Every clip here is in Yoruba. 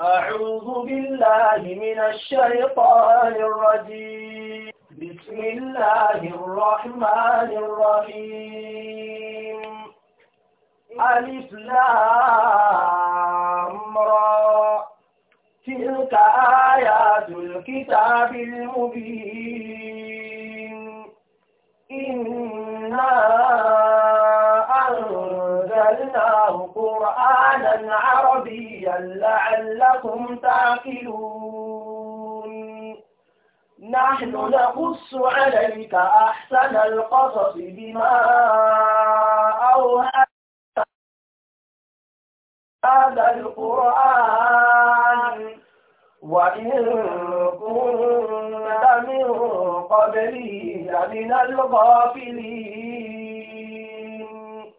أعوذ بالله من الشيطان الرجيم بسم الله الرحمن الرحيم ألف را تلك آيات الكتاب المبين إِنَّا قرآنا عربيا لعلكم تعقلون نحن نقص عليك أحسن القصص بما أوهى هذا القرآن وإن كنت من قبله لمن الغافلين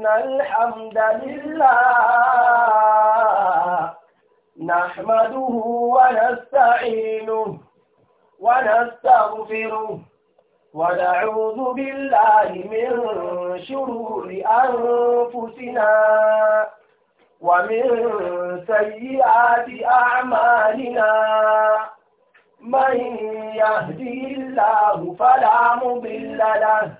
إن الحمد لله نحمده ونستعينه ونستغفره ونعوذ بالله من شرور أنفسنا ومن سيئات أعمالنا من يهدي الله فلا مضل له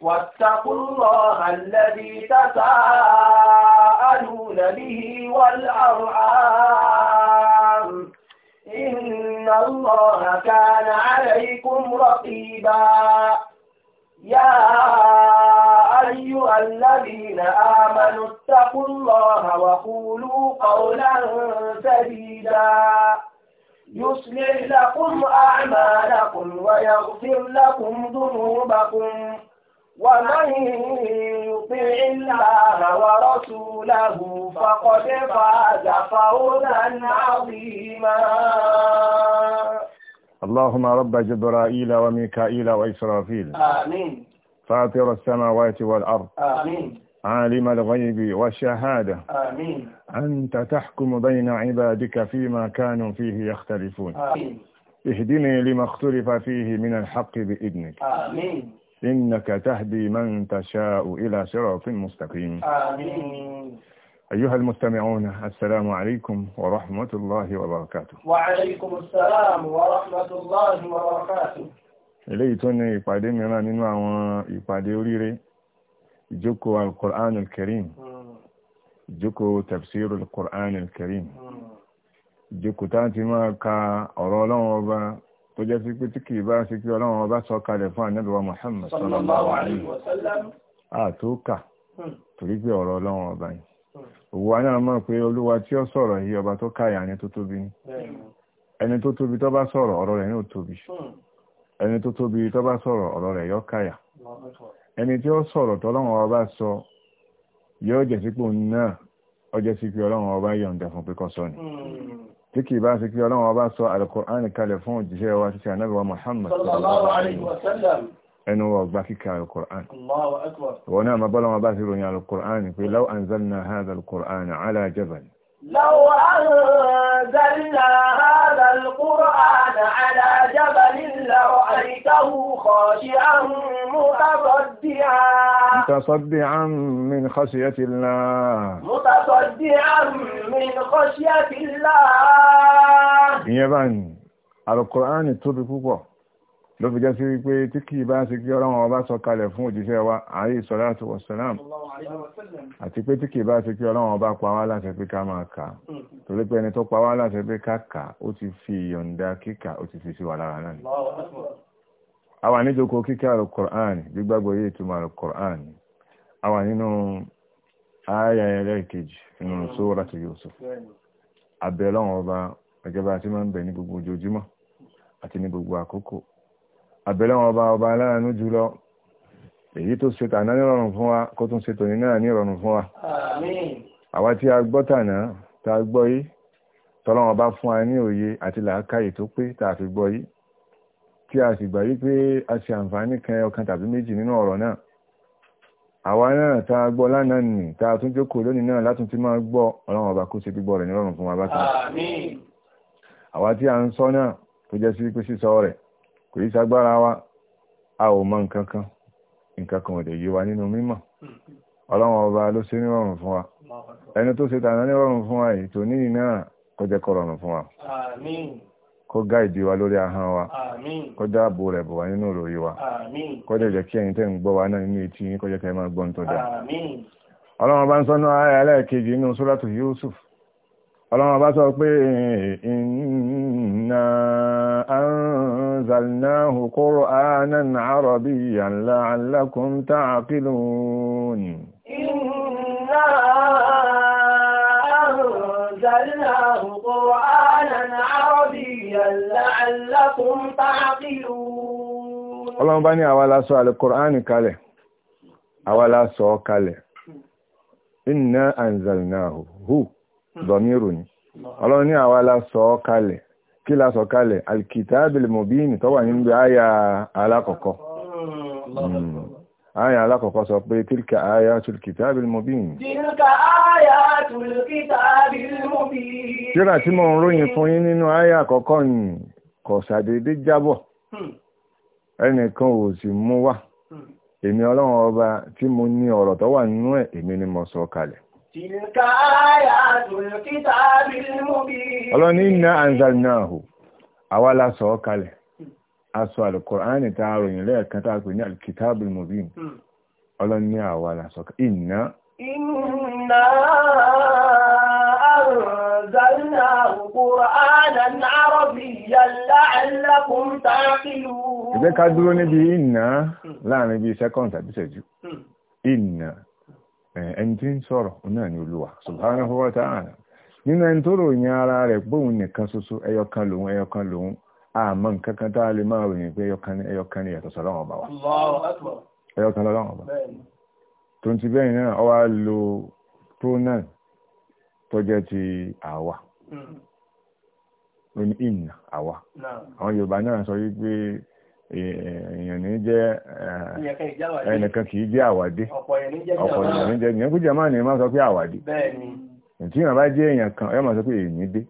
واتقوا الله الذي تساءلون به والأرعام إن الله كان عليكم رقيبا يا أيها الذين آمنوا اتقوا الله وقولوا قولا سديدا يصلح لكم أعمالكم ويغفر لكم ذنوبكم ومن يطع الله ورسوله فقد فاز فوزا عظيما اللهم رب جبرائيل وميكائيل وإسرافيل آمين فاطر السماوات والأرض آمين عالم الغيب والشهادة آمين أنت تحكم بين عبادك فيما كانوا فيه يختلفون آمين اهدني لما اختلف فيه من الحق بإذنك آمين إنك تهدي من تشاء إلى صراط مستقيم آمين أيها المستمعون السلام عليكم ورحمة الله وبركاته وعليكم السلام ورحمة الله وبركاته إليتني إبادي منا ننوى إبادي أوليري ìjókòó al-Qur'an al-Karim ìjókòó tafsir al-Qur'an al-Karim ìjókòó tá ti máa ka ọ̀rọ̀ ọlọ́run ọba tó jẹ́ sí pé tí kìí bá sí pé ọlọ́run ọba sọ kalẹ̀ fún Ànábì wa Muhammad sallallahu alaihi wa sallam àtúkà torí pé ọ̀rọ̀ ọlọ́run ọba yìí òwò aná mọ̀ pé olúwa tí ó sọ̀rọ̀ yìí ọba tó káyà ẹni tó tóbi ní ẹni tó tóbi tó bá sọ̀rọ̀ ọ̀rọ̀ rẹ̀ yóò tóbi ẹni tó tóbi tó bá sọ̀rọ̀ ọ̀rọ̀ rẹ̀ yóò káyà ẹni tí ó sọ̀rọ̀ tọ́lọ́run ọba sọ yóò jẹ́ sípò náà ọjọ́ sí pé ọlọ́run ọba yọ̀ǹda fún pé kó sọ ni hmm. tí kì bá sí pé ọlọ́run ọba sọ Al-Qur'an kalẹ̀ fún òjíṣẹ́ wa títí ànábì wa Muhammad sallallahu alaihi wa sallam ẹnu wọ gba kíkà Al-Qur'an wọn náà رأيته خاشعا متصدعا متصدعا من خشية الله متصدعا من خشية الله ìyẹn báyìí alukùránì tóbi púpọ̀ ló fi jẹ́ sí wípé tí kìí bá sí kí ọlọ́run ọba sọ kalẹ̀ fún òjíṣẹ́ wa alayhi salatu wassalam àti pé tí kìí bá sí kí ọlọ́run ọba pa wá láṣẹ pé ká máa kà torí pé ẹni tó pa wá láṣẹ pé ká kà ó ti fi yọ̀ǹda kíkà ó ti fi sí wa lára náà àwa níjòkó kíkẹ́ alukur'an gbígbàgbọ́ yìí túmọ̀ alukur'an àwa nínú ayé ẹlẹ́ẹ̀kejì nínú sóràtù Yusuf abẹ́lọ́wọ́n ọba gẹ́gẹ́ bá ti máa ń bẹ̀ ní gbogbo ojoojúmọ́ àti ní gbogbo àkókò abẹ́lọ́wọ́n ọba ọba aláàánú jùlọ èyí tó ṣe tàná ní ìrọ̀rùn fún wa kó tún ṣe tòní náà ní ìrọ̀rùn fún wa àwa tí a gbọ́ tàná tá a gbọ́ yìí tọ́lọ́wọ́n bá fún wa ní òye àti làákàyè tó pé tá a fi gbọ́ yìí tí a sì gbà wípé a ṣe àǹfààní kan ọ̀kan tàbí méjì nínú ọ̀rọ̀ náà àwa náà tá a gbọ́ lánàá nì tá a tún jókòó lónìí náà látún ti máa gbọ́ ọlọ́run ọba kó ṣe gbígbọ́ rẹ̀ nírọ̀rùn fún wa bá kan àwa tí a ń sọ náà tó jẹ́ sí pé sísọ rẹ̀ kò yí sagbára wa a ò mọ nǹkan kan nǹkan kan ò lè yé wa nínú mímọ̀ ọlọ́run ọba ló ṣe nírọ̀rùn fún wa ẹni tó ṣe tàná nírọ̀rùn fún wa ètò níyì náà kó jẹ́ kó rọrùn fún wa kó gáìdì wa lórí ahọ́n wa kó dáàbò rẹ̀ bọ̀ wá nínú Kọjọ wa kó dẹ̀ jẹ́ kí ẹ̀yin tẹ́ ń gbọ́ wa náà nínú etí kó jẹ́ kẹ́ máa gbọ́n tó dáa ọlọ́run bá ń ayé Yusuf ọlọ́run bá sọ pé Ọlọ́run bá ní àwa la sọ Al-Qur'ani kalẹ̀, àwa la sọ kalẹ̀. Inna anzalnahu, hu, dọ̀míru ni. Ọlọ́run ní àwa la kalẹ̀, kí la kalẹ̀, Al-Kitabil Mubin tó wà nínú ayà alákọ̀ọ́kọ́. آية لك قصب تلك آيات الكتاب المبين تلك آيات الكتاب المبين ترى تمون روين فوين إنو آية كوكون قصد دي جابو ẹnìkan ò sì mú wá hmm. èmi ọlọ́run ọba tí mo ní ọ̀rọ̀ tó wà nínú ẹ̀ èmi ni mo sọ kalẹ̀ Tilka ayatul kitabil mubin. Ọlọ́ni iná aṣọ alìkọ̀ránì ta ròyìn lẹ́ẹ̀kan tá a pè ní alkitabul mubin hmm. ọlọ́ni àwa lásọ̀kà inna inna anzalna qur'anan arabiyyan la'allakum taqilun na. ká dúró níbi inna hmm. láàrin bíi sẹ́kọ̀ǹd tàbí ṣẹ́jú hmm. inna ẹni tí ń sọ̀rọ̀ ni subhanahu wa ta'ala ẹni tó ròyìn ara rẹ̀ àmọ́ a lè máa ròyìn pé ẹyọkan ni yàtọ̀ sọ́lọ́wọ́n wa ẹyọkan lọ́lọ́wọ́n ọba tó ti bẹ́yìn náà ọwá lo pronoun tó jẹ́ ti hmm. ní ìnà àwọn Yorùbá náà sọ wípé èèyàn ní jẹ́ ẹnìkan kì í jẹ́ àwàdé ọ̀pọ̀ èèyàn ní jẹ́ ìyẹn máa ní máa sọ pé àwàdé tí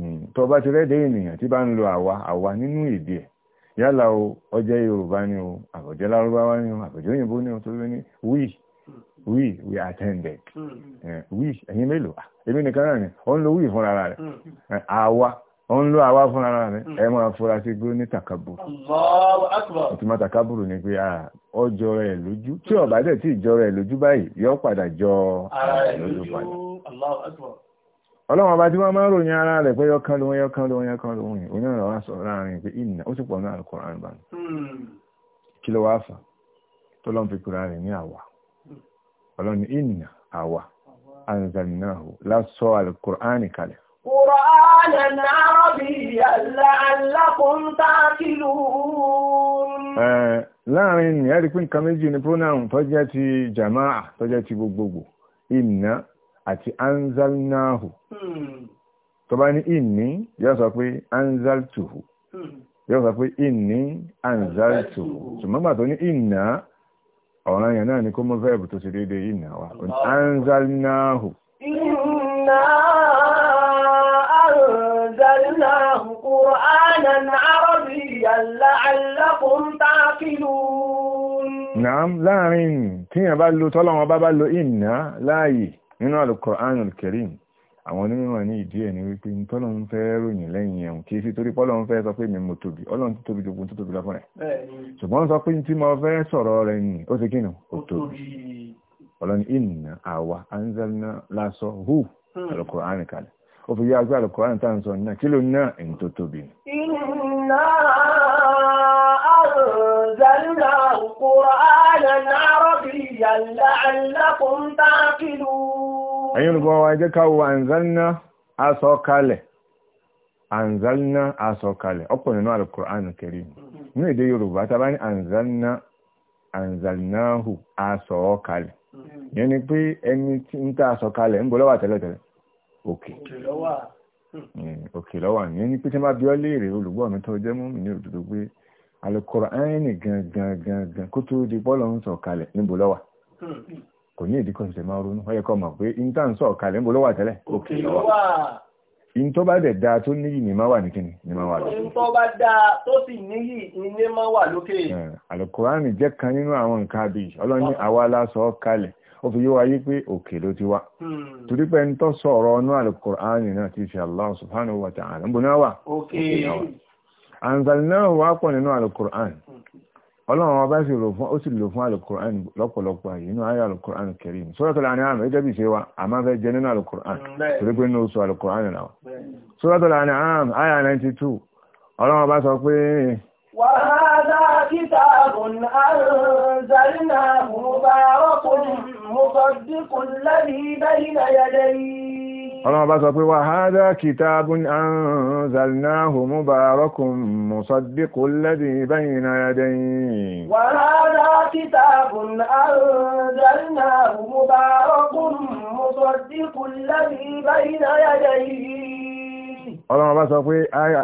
Hmm. tó bá ti rẹ́dẹ̀ ènìyàn tí bá ń lo àwa àwa nínú èdè ẹ̀ yálà o ọjẹ́ yorùbá ni o àbọ̀jẹ́ lárúbáwá ni o àbọ̀jẹ́ òyìnbó ni o tó ló ní we we attended hmm. eh, we ẹ̀yin mélòó ah, èmi nìkan náà ni ó ń lo we fúnra rẹ̀ hmm. eh, àwa ó ń lo àwa fúnra rẹ̀ ẹ máa fura sí gbó ní takaburu ìtumọ̀ takaburu ni pé ọjọ́ ah, lójú tí tí ìjọ rẹ̀ lójú padà jọ ara ọlọ́run ọba tí wọ́n máa ń ròyìn ara rẹ̀ pé yọkan lóhun yọkan lóhun yọkan lóhun yìí oní ọ̀rọ̀ wá sọ láàrin pé ìnà ó sì pọ̀ náà kọ̀ àrùn bá hmm. kí ló wá fà tó lọ́n fi kúra rẹ̀ ní àwa ọlọ́run ìnà àwa anzalnahu lásọ alukur'ani kalẹ̀. Qur'anan arabiyyan ẹ̀rí pé nǹkan méjì ni pronoun tó ti jama'a tó ti gbogbogbò ìnà àti anzalnahu hmm. tó bá ní inni yóò sọ pé anzaltuhu hmm. yóò sọ pé inni anzaltuhu ṣùgbọ́n tó ní inna ọ̀ràn yẹn náà ni kó mú verb tó ṣe déédéé inna wa anzalnahu inna anzalnahu qur'anan arabiyyan la'allakum ta'qilun Nàám láàrin tíyàn bá lo tọ́lọ́wọ́n bá bá lo ìnà láàyè nínú Al-Qur'anul Karim àwọn onímọ̀ ní ìdí ẹ̀ ní wípé ní tọ́lọ́run fẹ́ ròyìn lẹ́yìn ẹ̀hùn kìí sí torí pọ́lọ́run fẹ́ sọ pé mi mo tóbi ọlọ́run tó tóbi jogun tó tóbi lọ fún ṣùgbọ́n sọ pé tí mo fẹ́ sọ̀rọ̀ rẹ̀ ni ó ti kínu ó tóbi ọlọ́run ìnà àwa anzalna lásọ hu. Hmm. Al-Qur'an kalẹ̀ ó fi yá agbé Al-Qur'an tá à sọ náà kí ló náà ẹni tó tóbi ìnà ẹ̀yin olùgbọ́n wa ẹjẹ́ ká wo anzalna asọ̀kalẹ̀ anzalna asọ̀kalẹ̀ ọ̀pọ̀ nínú alukur'an karim ní èdè yorùbá tá a bá ní anzalna anzalnahu asọ̀kalẹ̀ yẹn ni pé ẹni tí ń ta asọ̀kalẹ̀ ń bọ̀ lọ́wọ́ àtẹ́lẹ̀tẹ́lẹ̀ òkè òkè lọ́wọ́ hmm, yẹn ni pé tí wọ́n bá bí ọ́ léèrè olùgbọ́n mi tó jẹ́ mú mi ní òdodo pé alukur'an gangan gangan kó tó di bọ́ọ̀lù ń sọ̀kalẹ̀ níbo lọ́wọ́ kò ní ìdíkọ̀ ṣẹ̀ṣẹ̀ máa ronú ọyẹ kọ́ mọ̀ pé intan sọ̀ kalẹ̀ ń bo ló wà tẹ́lẹ̀ òkè ló wà in tó bá dẹ̀ dáa tó níyì ní máa wà ní kíni ní máa wà lókè. in tó bá dáa tó sì níyì ní máa wà lókè. alukurani jẹ́ kan nínú àwọn nǹkan bíi ọlọ́run àwa la sọ kalẹ̀ ó fi yóò wáyé pé òkè ló ti wá. Hmm. torí pé ń tọ́ sọ̀rọ̀ ọ̀nà alukurani náà ti fi allah subhanahu wa ta'ala ń bọ̀ náà wà. òkè náà wà. anzalnahu wá pọ̀ nínú alukurani ọlọ́run ọba sì lò fún ó sì lò fún alukur'an lọ́pọ̀lọpọ̀ àyè inú ayé alukur'an Karim Suratul An'am gẹ́gẹ́ bí ṣe wa àmọ́ fẹ́ jẹ nínú alukur'an torí pé inú oṣù alukur'an náà Suratul An'am ayé 92 ọlọ́run ọba sọ pé. wa hadha kitabun anzalnahu mubarakun musaddiqul ladhi bayna yadayhi ọlọ́run bá sọ pé wà hádá kitabun anzalnahu mubarakun musaddiqul ladhi bayna yadayhi wà hádá kitabun anzalnahu mubarakun musaddiqul ladhi bayna yadayhi ọlọ́run bá sọ pé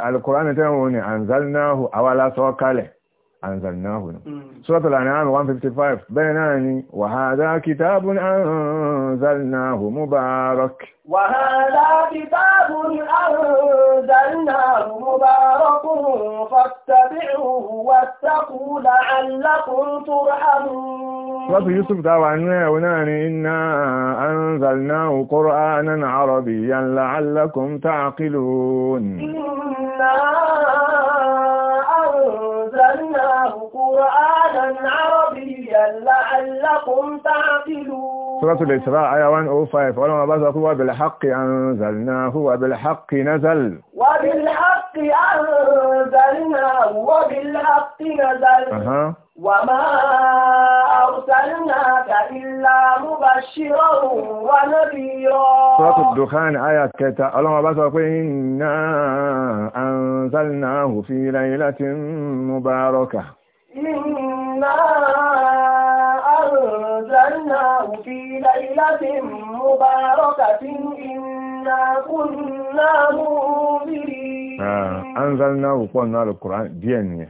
alkùránì tẹ́wọ̀n ni anzalnahu awala sọ kalẹ̀ أنزلناه سورة الأنعام 155 بيناني وهذا كتاب أنزلناه مبارك وهذا كتاب أنزلناه مبارك فاتبعوه واتقوا لعلكم ترحمون سورة يوسف تابع وناني إنا أنزلناه قرآنا عربيا لعلكم تعقلون إنا قرآنا عربيا لعلكم تعقلون سورة الإسراء آية 105 ولما بثق وبالحق أنزلناه وبالحق نزل وبالحق أنزلناه وبالحق نزل أه. وما أرسلناك إلا مبشرا ونذيرا سورة الدخان آية كتا اللهم بسط إنا أنزلناه في ليلة مباركة إنا أنزلناه في ليلة مباركة إنا كنا منذرين أنزلناه قلنا القرآن دينيا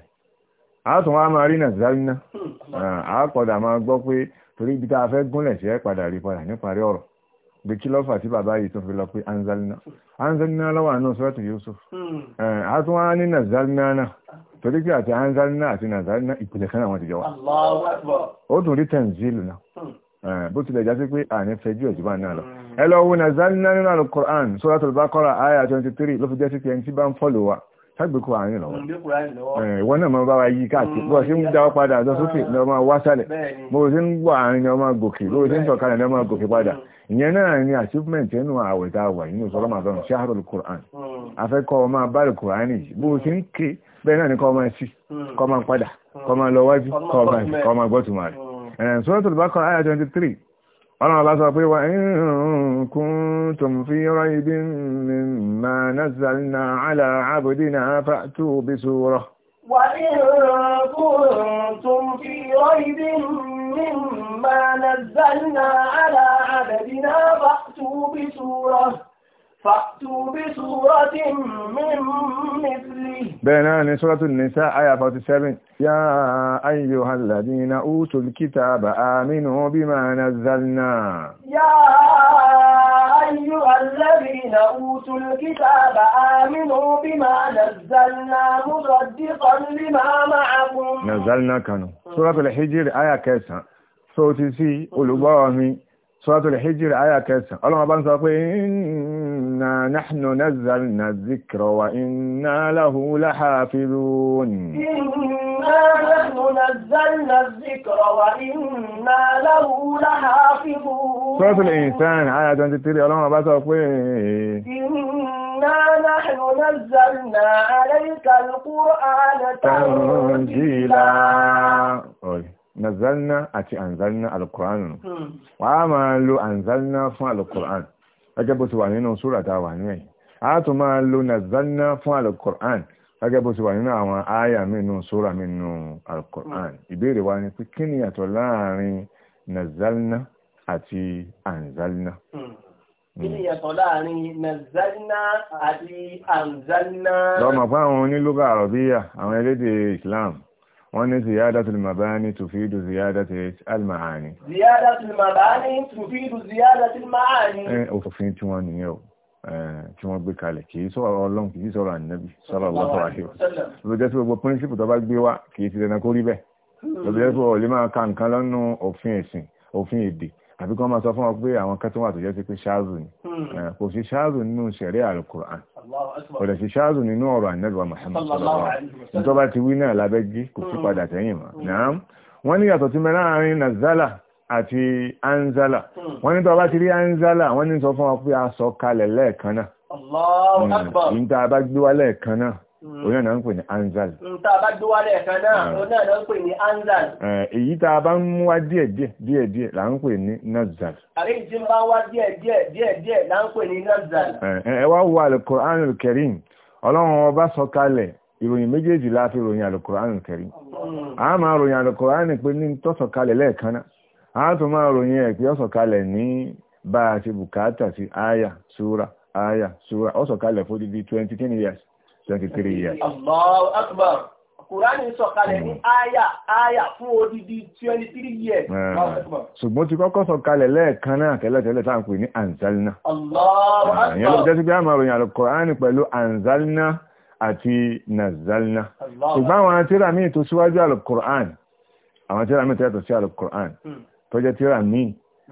àátùn wa máa rí nàìjíríà hmm. àápọ̀dà máa gbọ́ pé torí ibi tá a fẹ́ gúnlẹ̀ sí ẹ́ padà rí padà níparí ọ̀rọ̀ bí kí lọ́fà tí bàbá torí pé àti anzalina àti nazarina ìpìlẹ̀ kan àwọn ìjọba ó dùn rí tẹ̀nzílù náà hmm. eh, bó tilẹ̀ já sí pé àní fẹjú ẹ̀jùbá náà lọ ẹ lọ wo nazarina nínú alukoran suratul baqara àyà 23 ló fi jẹ́ sí pé ẹni tí bá ń fọ́lò wa ságbèkú àárín lọ́wọ́ hmm, eh, ìwọ náà mọ́ bá wa yí káàkiri hmm. bọ́ sí ń dáwọ́ padà lọ sókè ní ọmọ wá sálẹ̀ bó sí ń gbọ́ àárín ní ọmọ gòkè bó sí ń tọ̀kalẹ̀ ní ọmọ gòkè padà ìyẹn náà ni achievement ẹnu àwẹ̀ tá a wà nínú sọ́lọ́mà sọ́nà ṣáàrùn Qur'an afẹ́kọ́ ọmọ abáàlù Qur'an yìí bó sí ń ké bẹ́ẹ̀ náà ni kọ́ máa sí hmm. kọ́ máa padà kọ́ máa lọ wájú kọ́ máa sí kọ́ máa gbọ́tùmọ̀ rẹ̀ hmm. ẹ̀rìn Suratul Baqara àyà 23 ọ̀nà ọ̀bá sọ pé wa in kuntum fi raybin mimma nazzalna ala abdina fa'tu bi surah wa in kuntum fi raybin mimma nazzalna ala abdina fa'tu bi surah bẹ́ẹ̀ náà ni suratul nisa àyà 47 yá ayyuhal ladina utul kitaba aminu bima nazzalna yá ayyuhal ladina utul kitaba aminu bima nazzalna musaddiqan lima ma'akum nazzalna kanu suratul hijr àyà kẹsàn sọ́tí sí olùgbọ́ mi suratul hijr àyà kẹsàn ọlọ́mọ bá ń sọ pé ń إنا نحن نزلنا الذكر وإنا له لحافظون إنا نحن نزلنا الذكر وإنا له لحافظون سورة الإنسان آية 23 ọlọ́run ọba إنا نحن نزلنا عليك القرآن تنزيلا نزلنا أتي أنزلنا القرآن wàá أنزلنا فعل القرآن gẹ́gẹ́ bó ti wà nínú súrà tá a wà nínú ẹ̀ a tún máa lo nazanna fún alukur'an gẹ́gẹ́ bó ti wà nínú àwọn àyà mi nínú súrà mi nínú alukur'an mm. ìbéèrè wa ni pé kí ni yàtọ̀ láàrin nazanna àti anzalna mm. Mm. kí ni yàtọ̀ láàrin nazalna àti anzalna. lọ́mọ̀ fún àwọn onílùgbà àrọ̀bíyà àwọn elédè Islam wọ́n ní ziyadatu al-mabani tufidu ziyadatu al-ma'ani. ziyadatu al-mabani tufidu ziyadatu al-ma'ani. ẹ òfin tí wọ́n nìyẹn o tí wọ́n gbé kalẹ̀ kìí sọ̀rọ̀ ọlọ́run kìí sọ̀rọ̀ àbí kí wọ́n máa sọ fún wa pé àwọn kan tó wà tó jẹ́ sí pé ṣáàzù ni hmm. kò sí ṣáàzù nínú ṣẹ̀rí àlùkùrán kò lè sí ṣáàzù nínú ọ̀rọ̀ ànẹ́gbà Muhammad sallallahu alaihi wasallam tó bá ti wí náà lábẹ́gí kò sí hmm. padà sẹ́yìn mọ́ hmm. náà wọ́n ní yàtọ̀ tí mẹ́rin àárín nazala àti oní ọ̀nà ń pè ní anzal. tá bá gbé wálẹ̀ kan náà ah. ń pè ní anzal. Eh, èyí tá a bá ń wá díẹ̀ díẹ̀ díẹ̀ díẹ̀ là ń pè ní nazal. àrí ìdí máa wá díẹ̀ díẹ̀ díẹ̀ díẹ̀ là ń pè ní nazal. ẹ wá wo kẹrin ọlọ́run la ròyìn kẹrin hmm. a máa ròyìn pé ní tọ́sọ̀ kalẹ̀ a tún máa ròyìn ẹ̀ pé ọ̀sọ̀ kalẹ̀ ní twenty three years. Allahu Akbar. Kùránì sọ̀kalẹ̀ ní hmm. àyà àyà fún odidi twenty three years. Hmm. Ṣùgbọ́n ti kọ́kọ́ sọ̀kalẹ̀ lẹ́ẹ̀kan náà tẹ́lẹ̀tẹ́lẹ̀ tá à ń pè ní Anzalna. Allahu Akbar. Hmm. Ìyẹn ló jẹ́ sí pé àmọ́ ìròyìn Al-Kùránì pẹ̀lú Anzalna àti Nazalna. Ṣùgbọ́n àwọn tíra míì tó síwájú Al-Kùránì, àwọn tíra míì tó yàtọ̀ sí Al-Kùránì, tó tíra míì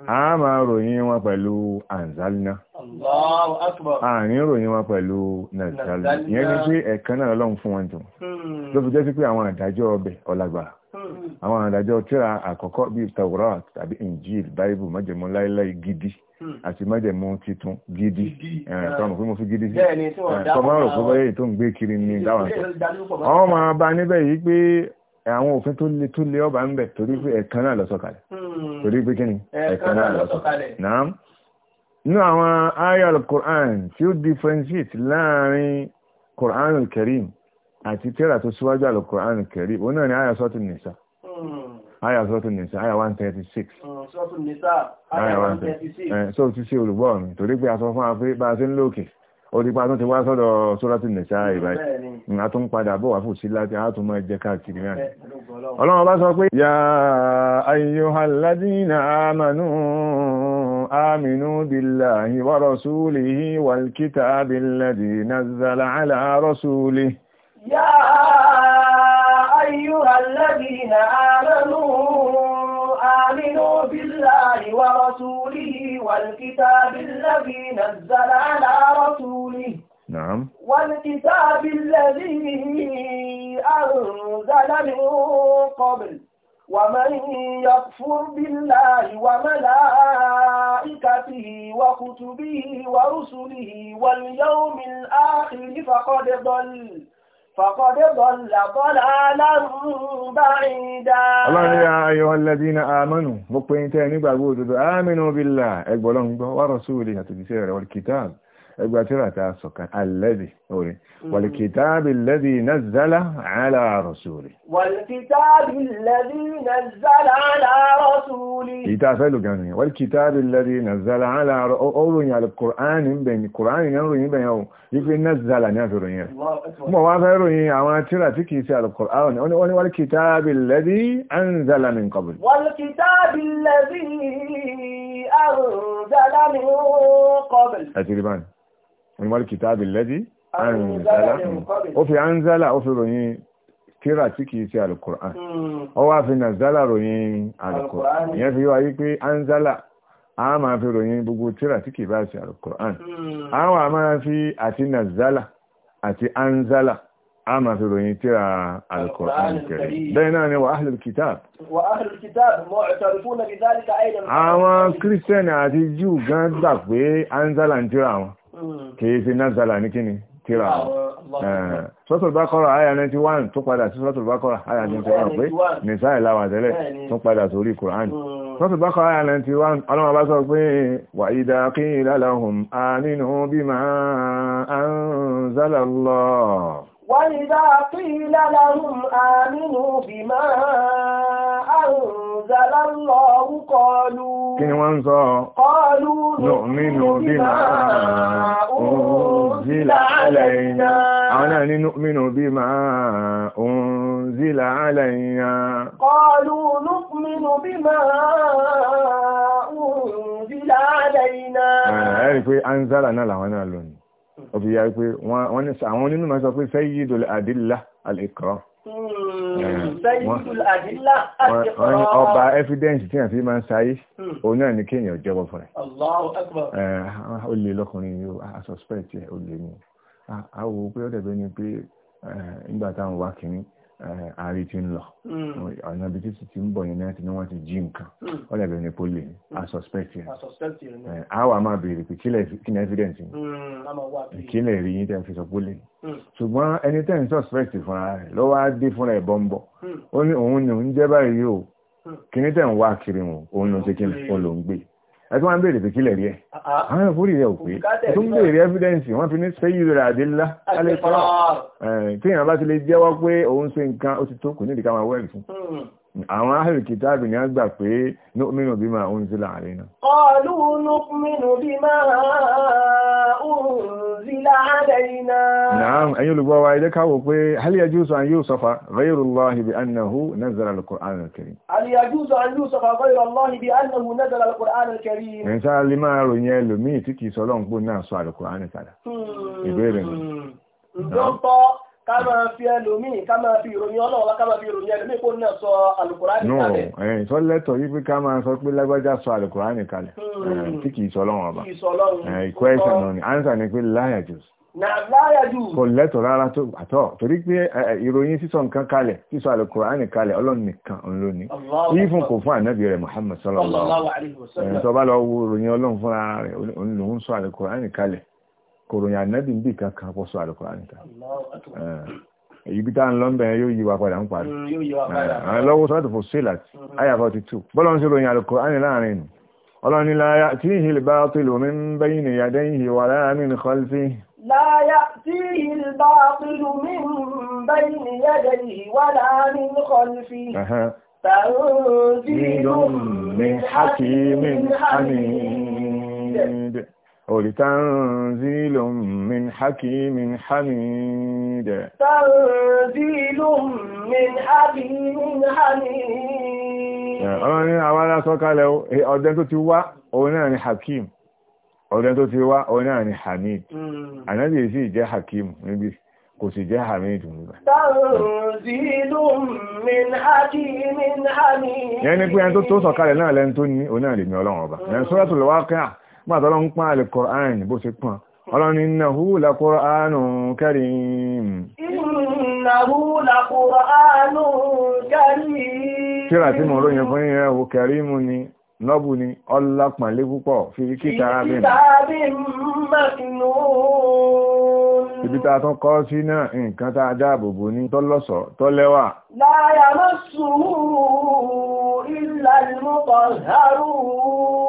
a máa ròyìn wọn pẹ̀lú anzalna Allahu Akbar a ní ròyìn wọn pẹ̀lú nazalna ìyẹn ni pé ẹ̀kan náà lọ́n fún wọn tó hmm. ló fi jẹ́ sí pé àwọn àdájọ́ ọbẹ̀ ọlágbà hmm. àwọn àdájọ́ tíra àkọ́kọ́ bíi Tawrat tàbí Injil Bible májẹ̀mú láíláí gidi hmm. àti májẹ̀mú titun gidi ẹ̀rọ pé mo fi gidi sí ẹ̀rọ pé mo rò pé báyìí tó ń gbé kiri ní dáwọn àwọn máa bá níbẹ̀ yìí pé àwọn òfin tó le tó le ọba ń bẹ̀ torí pé ẹ̀kan náà ló sọ̀kalẹ̀ hmm. torí pé kí ni ẹ̀kan náà ló sọ̀kalẹ̀ náà nínú àwọn aya al-Qur'an tí ó differentiate láàrin Qur'an al-Karim àti tírà tó síwájú al-Qur'an al-Karim òun náà ni aya sọ́tù nìsa aya sọ́tù nìsa aya 136 sọ́tù nìsa aya 136 so ti ṣe olùgbọ́ mi torí pé a sọ fún wa pé bá a ṣe ń lókè orípa tó ti wá sọ́dọ̀ sóràtì nìṣà ìbáyìí a tún padà bọ́ wà fún sí láti a tún máa jẹ káàkiri náà ọlọ́run bá sọ pé ya ayyuhalladina amanu aminu billahi wa rasulihi wal kitabil ladhi nazzala ala rasulihi ya ayyuhalladina amanu آمنوا بالله ورسوله والكتاب الذي نزل على رسوله نعم والكتاب الذي أنزل من قبل ومن يكفر بالله وملائكته وكتبه ورسله واليوم الآخر فقد ضل Ọlọ́run ní ayọ̀ alẹ́dínà àmọ́nù, mo pè ń tẹ́ nígbàgbọ́ òdodo, àmìnà billah ẹgbọ́lọ́ngbọ́, wárọ̀ sóòlè àtòjíṣẹ́ rẹ̀ wọ́n kìtàbù, أوي. والكتاب الذي نزل على رسوله والكتاب الذي نزل على رسوله كتاب كانوا يعني. والكتاب الذي نزل على أولون يعني على القرآن بين القرآن ينزل يعني بين أو يفي نزل نافرون ما وافرون يعني ترى تكيس على القرآن والكتاب الذي أنزل من قبل والكتاب الذي أنزل من قبل أتريبان والكتاب الذي anzala ó fi anzala ó fi ròyìn kíra tí kìí sí alukur'an hmm. ó wá fi nazala ròyìn alukur'an ìyẹn fi wáyé pé anzala a máa fi ròyìn gbogbo tíra tí kìí bá sí alukur'an àwọn hmm. a máa fi àti nazala àti anzala a máa fi ròyìn tíra alukur'an kẹrì bẹ́ẹ̀ náà ni wà áhìlì kìtàb àwọn kírísítẹ́nì àti jù gan gbà pé anzala ń tíra wọn hmm. kìí sí nazala ní kíni tíra sọ́tò bákọ́rọ̀ àyà 91 tó padà sí sọ́tò bákọ́rọ̀ àyà 91 pé nìsá ìlàwà tẹ́lẹ̀ tó padà sórí Kùránì sọ́tò bákọ́rọ̀ àyà 91 ọlọ́wọ́ bá sọ pé wà ìdá qila lahum aminu bima anzala Allah وإذا قيل لهم آمنوا بما أنزل الله قالوا قالوا نؤمن بما أنزل علينا أنا نؤمن بما أنزل علينا قالوا نؤمن بما أنزل علينا أعرف أنزلنا لنا لون òbí ya pé wọ́n ní àwọn onímọ̀ sọ pé sayyidul adilla al-iqra hmm, eh, wọ́n ní ọba evidence tí a fi máa ń sáyé hmm. òun náà ní kéèyàn jẹ́wọ́ fún ẹ̀ eh, olè lọ́kùnrin yóò a suspect ẹ̀ olè ni a wò ó pé ọ̀dẹ̀bẹ̀ ni pé eh, nígbà táwọn wá kìíní ààrí eh, ti ń lọ hmm. ọ̀nà ibi títí ti ń bọ̀ yẹn náà ti ní wọ́n ti jí nǹkan hmm. ó dàbí ẹni pólì ní hmm. a suspect yẹn eh, a wà máa béèrè pé kí ni evidence ni kí ni èrè yín tẹ́ fi sọ pólì ṣùgbọ́n ẹni tẹ́ ń suspect fúnra rẹ̀ lọ́wọ́ á dé fúnra ẹ̀ bọ́ńbọ́ ó ní òun ní òun jẹ́ báyìí o kí ni tẹ́ ń wá kiri wọn òun ló ń ṣe kí ni òun ló ń gbé ẹ̀tún wọ́n bèèrè pẹ̀kílẹ̀ rí ẹ̀ ah, ah. àwọn ìfúrí rẹ̀ ò pé tó ń bèèrè evidence wọ́n fi ní sẹ́yìí rẹ̀ àdílá alẹ́kọ́rọ̀ tí ìyàn bá ti lè jẹ́wọ́ pé òun ṣe nǹkan ó ti tó kò ní ìdíkà máa wẹ́rì fún hmm àwọn ahìrì kìtàbì ni a gbà pé nínú bí máa ń zílà àrínà. ọlú nínú bí máa ń zílà àrínà. naam ẹ̀yin olùgbọ́ wa ilé káwò pé haliyajú sọ an yóò sọfà rẹ́yìrùlọ́hì bí annahu nazara al-Qur'an al-Karim. haliyajú sọ an yóò sọfà rẹ́yìrùlọ́hì bí annahu nazara al-Qur'an al ká máa fi ẹlòmíì ká máa fi ìròyìn ọlọ́wọ́ ká máa fi ìròyìn ẹlòmíì kó náà sọ àlùkùránì kalẹ̀. ẹ̀yìn sọ lẹ́tọ̀ yí pé ká máa sọ pé lágbájá sọ àlùkùránì hmm. tí kìí sọ ọlọ́run ọba question answer ni pé láyà jù kò lẹ́tọ̀ rárá tó àtọ́ torí pé ìròyìn sísọ nǹkan kalẹ̀ sísọ àlùkùránì kalẹ̀ ọlọ́run nìkan lónìí yí fún kò fún ànábì rẹ̀ Muhammad sallallahu alaihi wasallam tó bá lọ wo ìròyìn ọlọ́run fúnra rẹ̀ kòròyìn ànábì ń bì kankan kó sọ àlùkùránì nìkan eh, èyí bí tá à ń lọ bẹ̀rẹ̀ yóò yí wa padà ń parí mm, eh, àwọn lọ́wọ́ sọ́tò fò sílà àyà forty two bọ́lá ń sọ̀rọ̀ yìn àlùkùránì láàrin nù ọlọ́ni láyà tí ìhìl bá tó lò mí ń bẹ́yìn ìyá dẹ́yìn ìwà láàrin nìkan sí. láyà tí ìhìl bá tó lò mí ń bẹ́yìn ìyá dẹ́yìn ìwà láàrin nìkan sí. تنزيل من حكيم حميد قل تنزيل من حكيم حميد تنزيل من حكيم حميد ọ̀rọ̀ na àwọn alásọ́kalẹ̀ ọ̀dẹ́ tó ti wá òun náà ni hakim ọ̀dẹ́ tó ti wá òun náà hamid hmm. ànábì sì jẹ́ hakim níbi kò sì jẹ́ hamid nígbà yẹn ni pé ẹni tó sọ̀kalẹ̀ náà lẹ́ni tó ní òun náà lè ní ọlọ́run ọba hmm. nígbà tó lọ́n pán Al-Qur'an bó ṣe pán ọlọ́ni innahu la-Qur'anun karim innahu la-Qur'anun karim tíra tí mo ròyìn fún yẹn o kẹrìmù ni lọ́bù ni ọlápàálé púpọ̀ fi kíkà bí ibi tá a tún kọ́ sí náà nǹkan tá a dáàbòbò ní tọ́lọ́sọ̀ tọ́lẹ́wà لا يمسه إلا المطهرون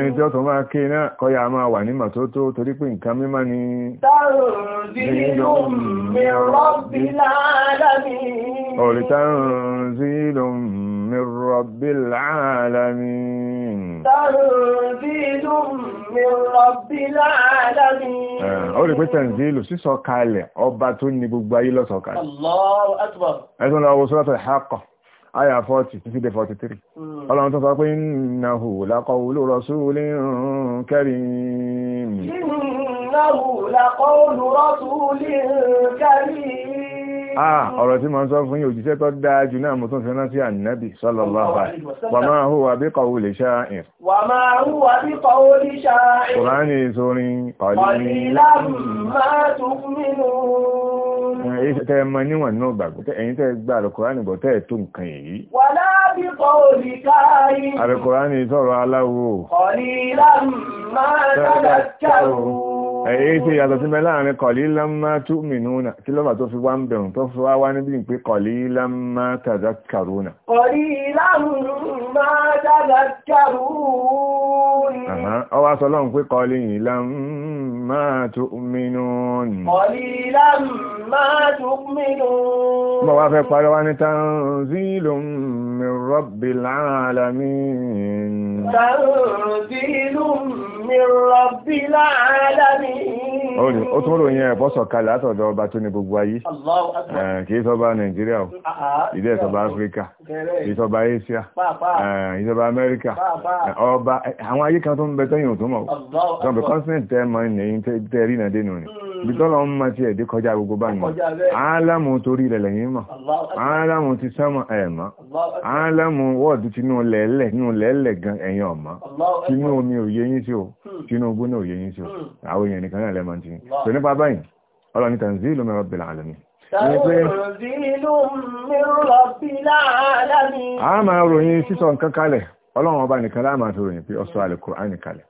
ẹni tí ó tó máa kí náà kọ́yà máa wà ní màtótó torí pé nǹkan mímọ́ ni tanzilun min rabbil alamin ọ̀rẹ́ tanzilun min rabbil alamin tanzilun ó rí pé tanzilu sísọ kalẹ̀ ọba tó ní gbogbo ayé ló wo suratul Haqqah àyà 40 43 hmm. ọlọ́run tó sọ pé innahu laqawlu rasulin karim innahu laqawlu rasulin karim ah ọ̀rọ̀ tí mo ń sọ fún yín òjíṣẹ́ tó dáa jù náà mo tún fi rán sí ànábì sallallahu alaihi wa ma huwa bi qawli sha'ir wa ma huwa bi qawli sha'ir kùránì sórin qalilan ma tu'minun tẹ́ mọ níwọ̀n náà gbàgbọ́ wala bi qawli sha'ir àrẹ̀kùránì sọ̀rọ̀ aláwo qalilan ma tadhakkarun èyí tí yàtọ̀ sí mẹ́láàrin kọ̀lí lọ́mọ́ túmínú kí lọ́mà tó fi ló fi wá wá níbi pé qalilan ma tadhakkaruna. qalilan ma tadhakkarun. ọ wá sọ lọ́run pé qalilan ma tu'minun. qalilan ma tu'minun. mo wá fẹ́ parí wá ní tanzilun min rabbil alamin. tanzilun min rabbil alamin. ó tún ròyìn ẹ̀fọ́ sọ̀kalẹ̀ látọ̀dọ̀ ọba tó ní gbogbo ayé. Allahu Eh, kìí sọba Nàìjíríà o ah, ah. ìdí ẹ̀sọba Áfíríkà ìsọba Asia eh, ìsọba Amẹ́ríkà eh, ọba àwọn ayé kan tó ń bẹ tẹ́yìn òtún mọ̀ tó ń bẹ continent tẹ́ mọ́ ẹ̀yìn tẹ́rí náà dénú rẹ̀ hmm. ibi tọ́lọ ń ma ti ẹ̀dí kọjá gbogbo bá nìyàn áàlámù torí ilẹ̀ lẹ́yìn mọ̀ áàlámù ti sánmọ̀ ẹ̀mọ́ áàlámù wọ́ọ̀dù tinú lẹ́ẹ̀lẹ̀ nínú lẹ́ẹ̀lẹ̀ gan ẹ̀yìn ọ̀mọ́ tinú omi òye yín sí o hmm. tinú ogún náà òye yín sí o hmm. àwọn èèyàn nìkan náà lẹ́mọ̀ tí pẹ̀lú nípa báyìí ọlọ́ni tanzilu min rabbil alamin a máa ròyìn sísọ nǹkan kalẹ̀ ọlọ́run ọba nìkan láàmà tó ròyìn pé ó sọ àlùkùránì kalẹ̀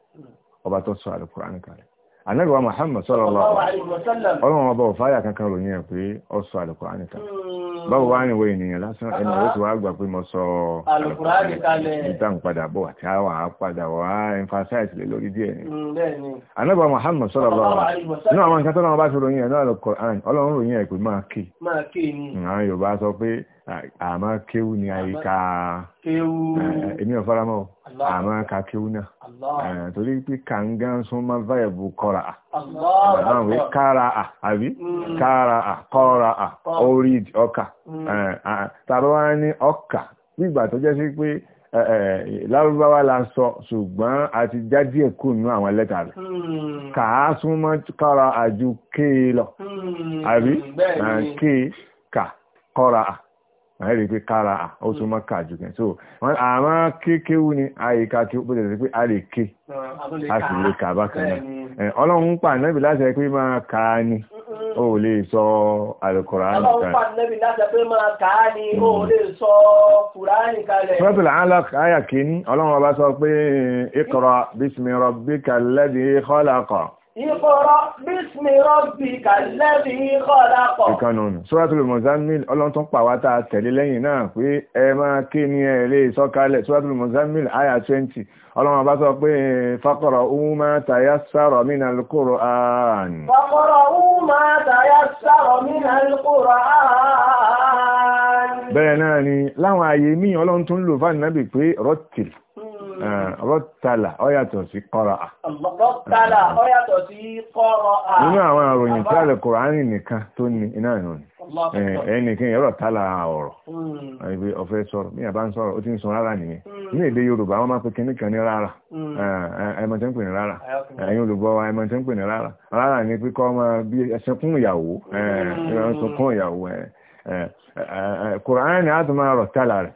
ọba tó sọ àlùkùránì kalẹ̀ ànágbà Muhammad sallallahu alaihi wasallam ọlọ́run ọba òfáyà kankan ròyìn ẹ̀ pé ó sọ Al-Qur'ani kalẹ̀ hmm. báwo wá níwò ènìyàn lásán ẹni ó ti wá gbà pé mo sọ Al-Qur'ani kalẹ̀ níta ń padà bọ̀ àti àwà padà wá emphasize lé lórí díẹ̀ ni hmm, ànágbà Muhammad sallallahu alaihi wasallam inú àwọn nǹkan tó náà bá ti ròyìn ẹ̀ náà al ama kéwú ni àyíká emi ò fara mọ́ àmọ́ ka kéwú náà torí pé kàńgá súnmọ́ báyẹ̀bù kọ́ra àwọn ìwé kára àbí kára kọ́ra orí ọkà tàbí wá ní ọkà nígbà tó jẹ́ sí pé lárúbáwá la sọ ṣùgbọ́n a ti já díẹ̀ kù nínú àwọn lẹ́tà rẹ̀ kàá súnmọ́ kọ́ra àjù kéè lọ àbí kéè kà kọ́ra à àìrí pé kára ó tún hmm. mọ́ kà jù kẹ́ so àwọn kékeré ni àyíká kí ó pèsè sí pé a lè ké hmm, a sì lè kà bákan náà ọlọ́run pa ànábì láti ẹ pé máa kà á ni ó hmm. lè sọ alukọ̀ránì kalẹ̀ ọlọ́run pa ànábì láti ẹ pé máa kà á ni ó lè sọ kùránì kalẹ̀ sọ́tùlà àlọ́ àyà kìíní ọlọ́run ọba sọ pé iqra bismi rabbikal ladhi khalaqa Ìkọ̀rọ̀ bísmì rọ́bì kàlẹ́bì ìkọ̀lápọ̀. Ìkànnù Suratul Muzammil ọlọ́run tó pàwá tá a tẹ̀lé lẹ́yìn náà pé ẹ máa kí ni ẹ lè sọ̀kalẹ̀ Suratul Muzammil àyà 20 ọlọ́run bá sọ pé faqra'u ma tayassara minal Qur'an. Faqra'u ma tayassara minal Qur'an. Bẹ́ẹ̀ náà ni láwọn àyè míì ọlọ́run tó lò fáànì pé rọ́tìlì. rọ́tàlà ó yàtọ̀ sí kọ́ra. a. sí kọ́ra. nínú àwọn àròyìn tí àlẹ́ kùránì nìkan tó ní iná ni ẹnìkan yẹn rọ̀tàlà ọ̀rọ̀ ẹgbẹ́ hmm. ọ̀fẹ́ sọ̀rọ̀ bí àbá ń sọ̀rọ̀ ó ti ń sun rárá nìyẹn hmm. ní èdè Yorùbá wọn máa pe kínní kan ní rárá hmm. ń pè ní kùránì eh, eh, á tún máa rọ̀ tálà rẹ̀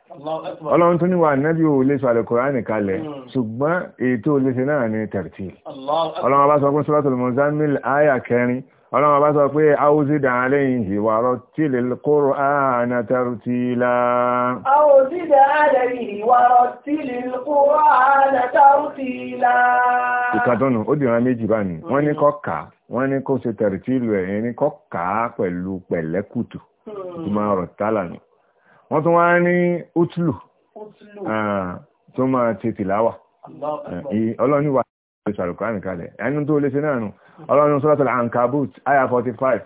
ọlọ́run tó níwà nẹ́bí ò lè sọ̀rọ̀ kùránì kalẹ̀ hmm. ṣùgbọ́n ètò olóṣe náà ní tẹ̀rẹ̀tì ọlọ́run bá sọ pé suratul muzammil áyà kẹrin ọlọ́run bá sọ pé áwùsí dàálẹ́yìn ìwà rọ tí lè kóró ààrẹ tartila áwùsí dàálẹ́yìn ìwà rọ tí lè kóró ààrẹ tartila ìkàtọ́nù ó dìran méjì báyìí wọ́n ní hmm. kọ́ Hmm. ìtumọ̀ ọ̀rọ̀ tálà ni wọ́n tún wá ní útùlù ah, tó máa ti tìláwà eh, ọlọ́ni wà ní ìṣàlùkọ́ àmì kalẹ̀ ẹni tó lè ṣe náà nù ọlọ́ni suratul Ankabut aya 45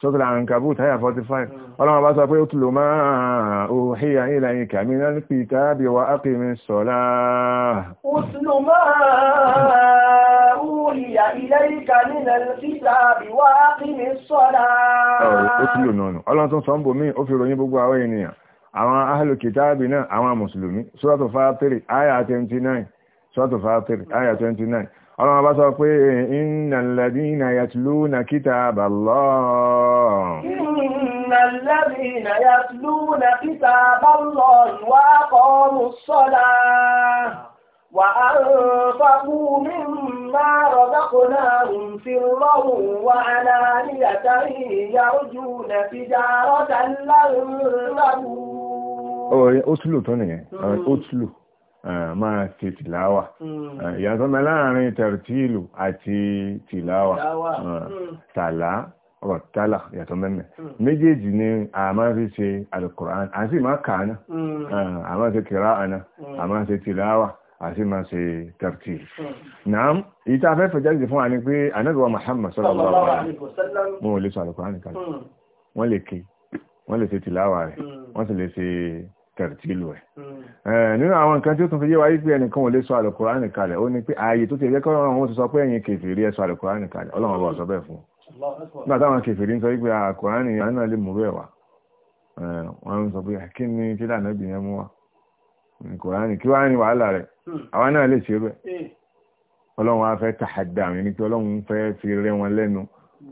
sọ́tọ̀lá àǹkàbù táyà 45 ọlọ́run bá sọ pé ó tùlò máa òhìyà ilẹ̀ ìkà mi náà pì tàbí wa ápì mi sọ̀lá ó tùlò máa òhìyà ilẹ̀ ìkà mi náà pì tàbí wa ápì mi sọ̀lá ó tùlò náà ọlọ́run tó fi ròyìn gbogbo àwọn ènìyàn àwọn ahàlù kìtàbì náà àwọn mùsùlùmí sọ́tọ̀ fàátìrì áyà 29 sọ́tọ̀ fàátìrì 29 ọlọ́run bá sọ pé innal ladina yatluna kitaballah innal ladina yatluna kitaballah wa aqamus salah وأنفقوا مما رزقناهم سرا وعلانية يرجون تجارة لن تبور. أوه أسلو توني أسلو. Eh, máa ṣe tìláwà hmm. eh, ìyàtọ̀ mẹ́ láàrin tẹ̀rìtìlù àti tìláwà eh, hmm. tàlá ọ̀rọ̀ tálà ìyàtọ̀ mẹ́mẹ́ méjèèjì ni a máa fi ṣe alukur'an a sì máa kàánà hmm. a máa ṣe kìráànà a máa ṣe tìláwà a sì máa ṣe tẹ̀rìtìlù naam ìta afẹ́fẹ́ jáde fún wa ni pé anábìwá Muhammad sallallahu alaihi wasallam wọn lè sọ alukur'an nìkan wọ́n lè ké wọ́n lè ṣe tìláwà rẹ̀ wọ́n sì lè ṣe tẹ̀rìtìlù hmm. ẹ̀. nínú àwọn nǹkan tí ó tún fi yé wa wípé ẹnìkan ò lè sọ àlùkùránì kalẹ̀ ó ní pé ààyè tó ti ẹ̀jẹ̀ kọ́rọ̀ wọn ti sọ pé ẹ̀yin kèfèrí ẹ sọ àlùkùránì kalẹ̀ ọlọ́run ọba ọ̀sọ́ bẹ́ẹ̀ fún un. nígbà táwọn kèfèrí ń sọ wípé àkùránì àánú lè mú bẹ́ẹ̀ wá wọ́n ń sọ pé kí ni kí lànà bì yẹn mú wa àkùránì kí wàá ní wàhálà rẹ̀ hmm. àwa náà lè ṣe bẹ́ẹ̀ hmm. ọlọ́run á fẹ́ tàhádà mi ní pé ọlọ́run fẹ́ fi rẹ́ wọn lẹ́nu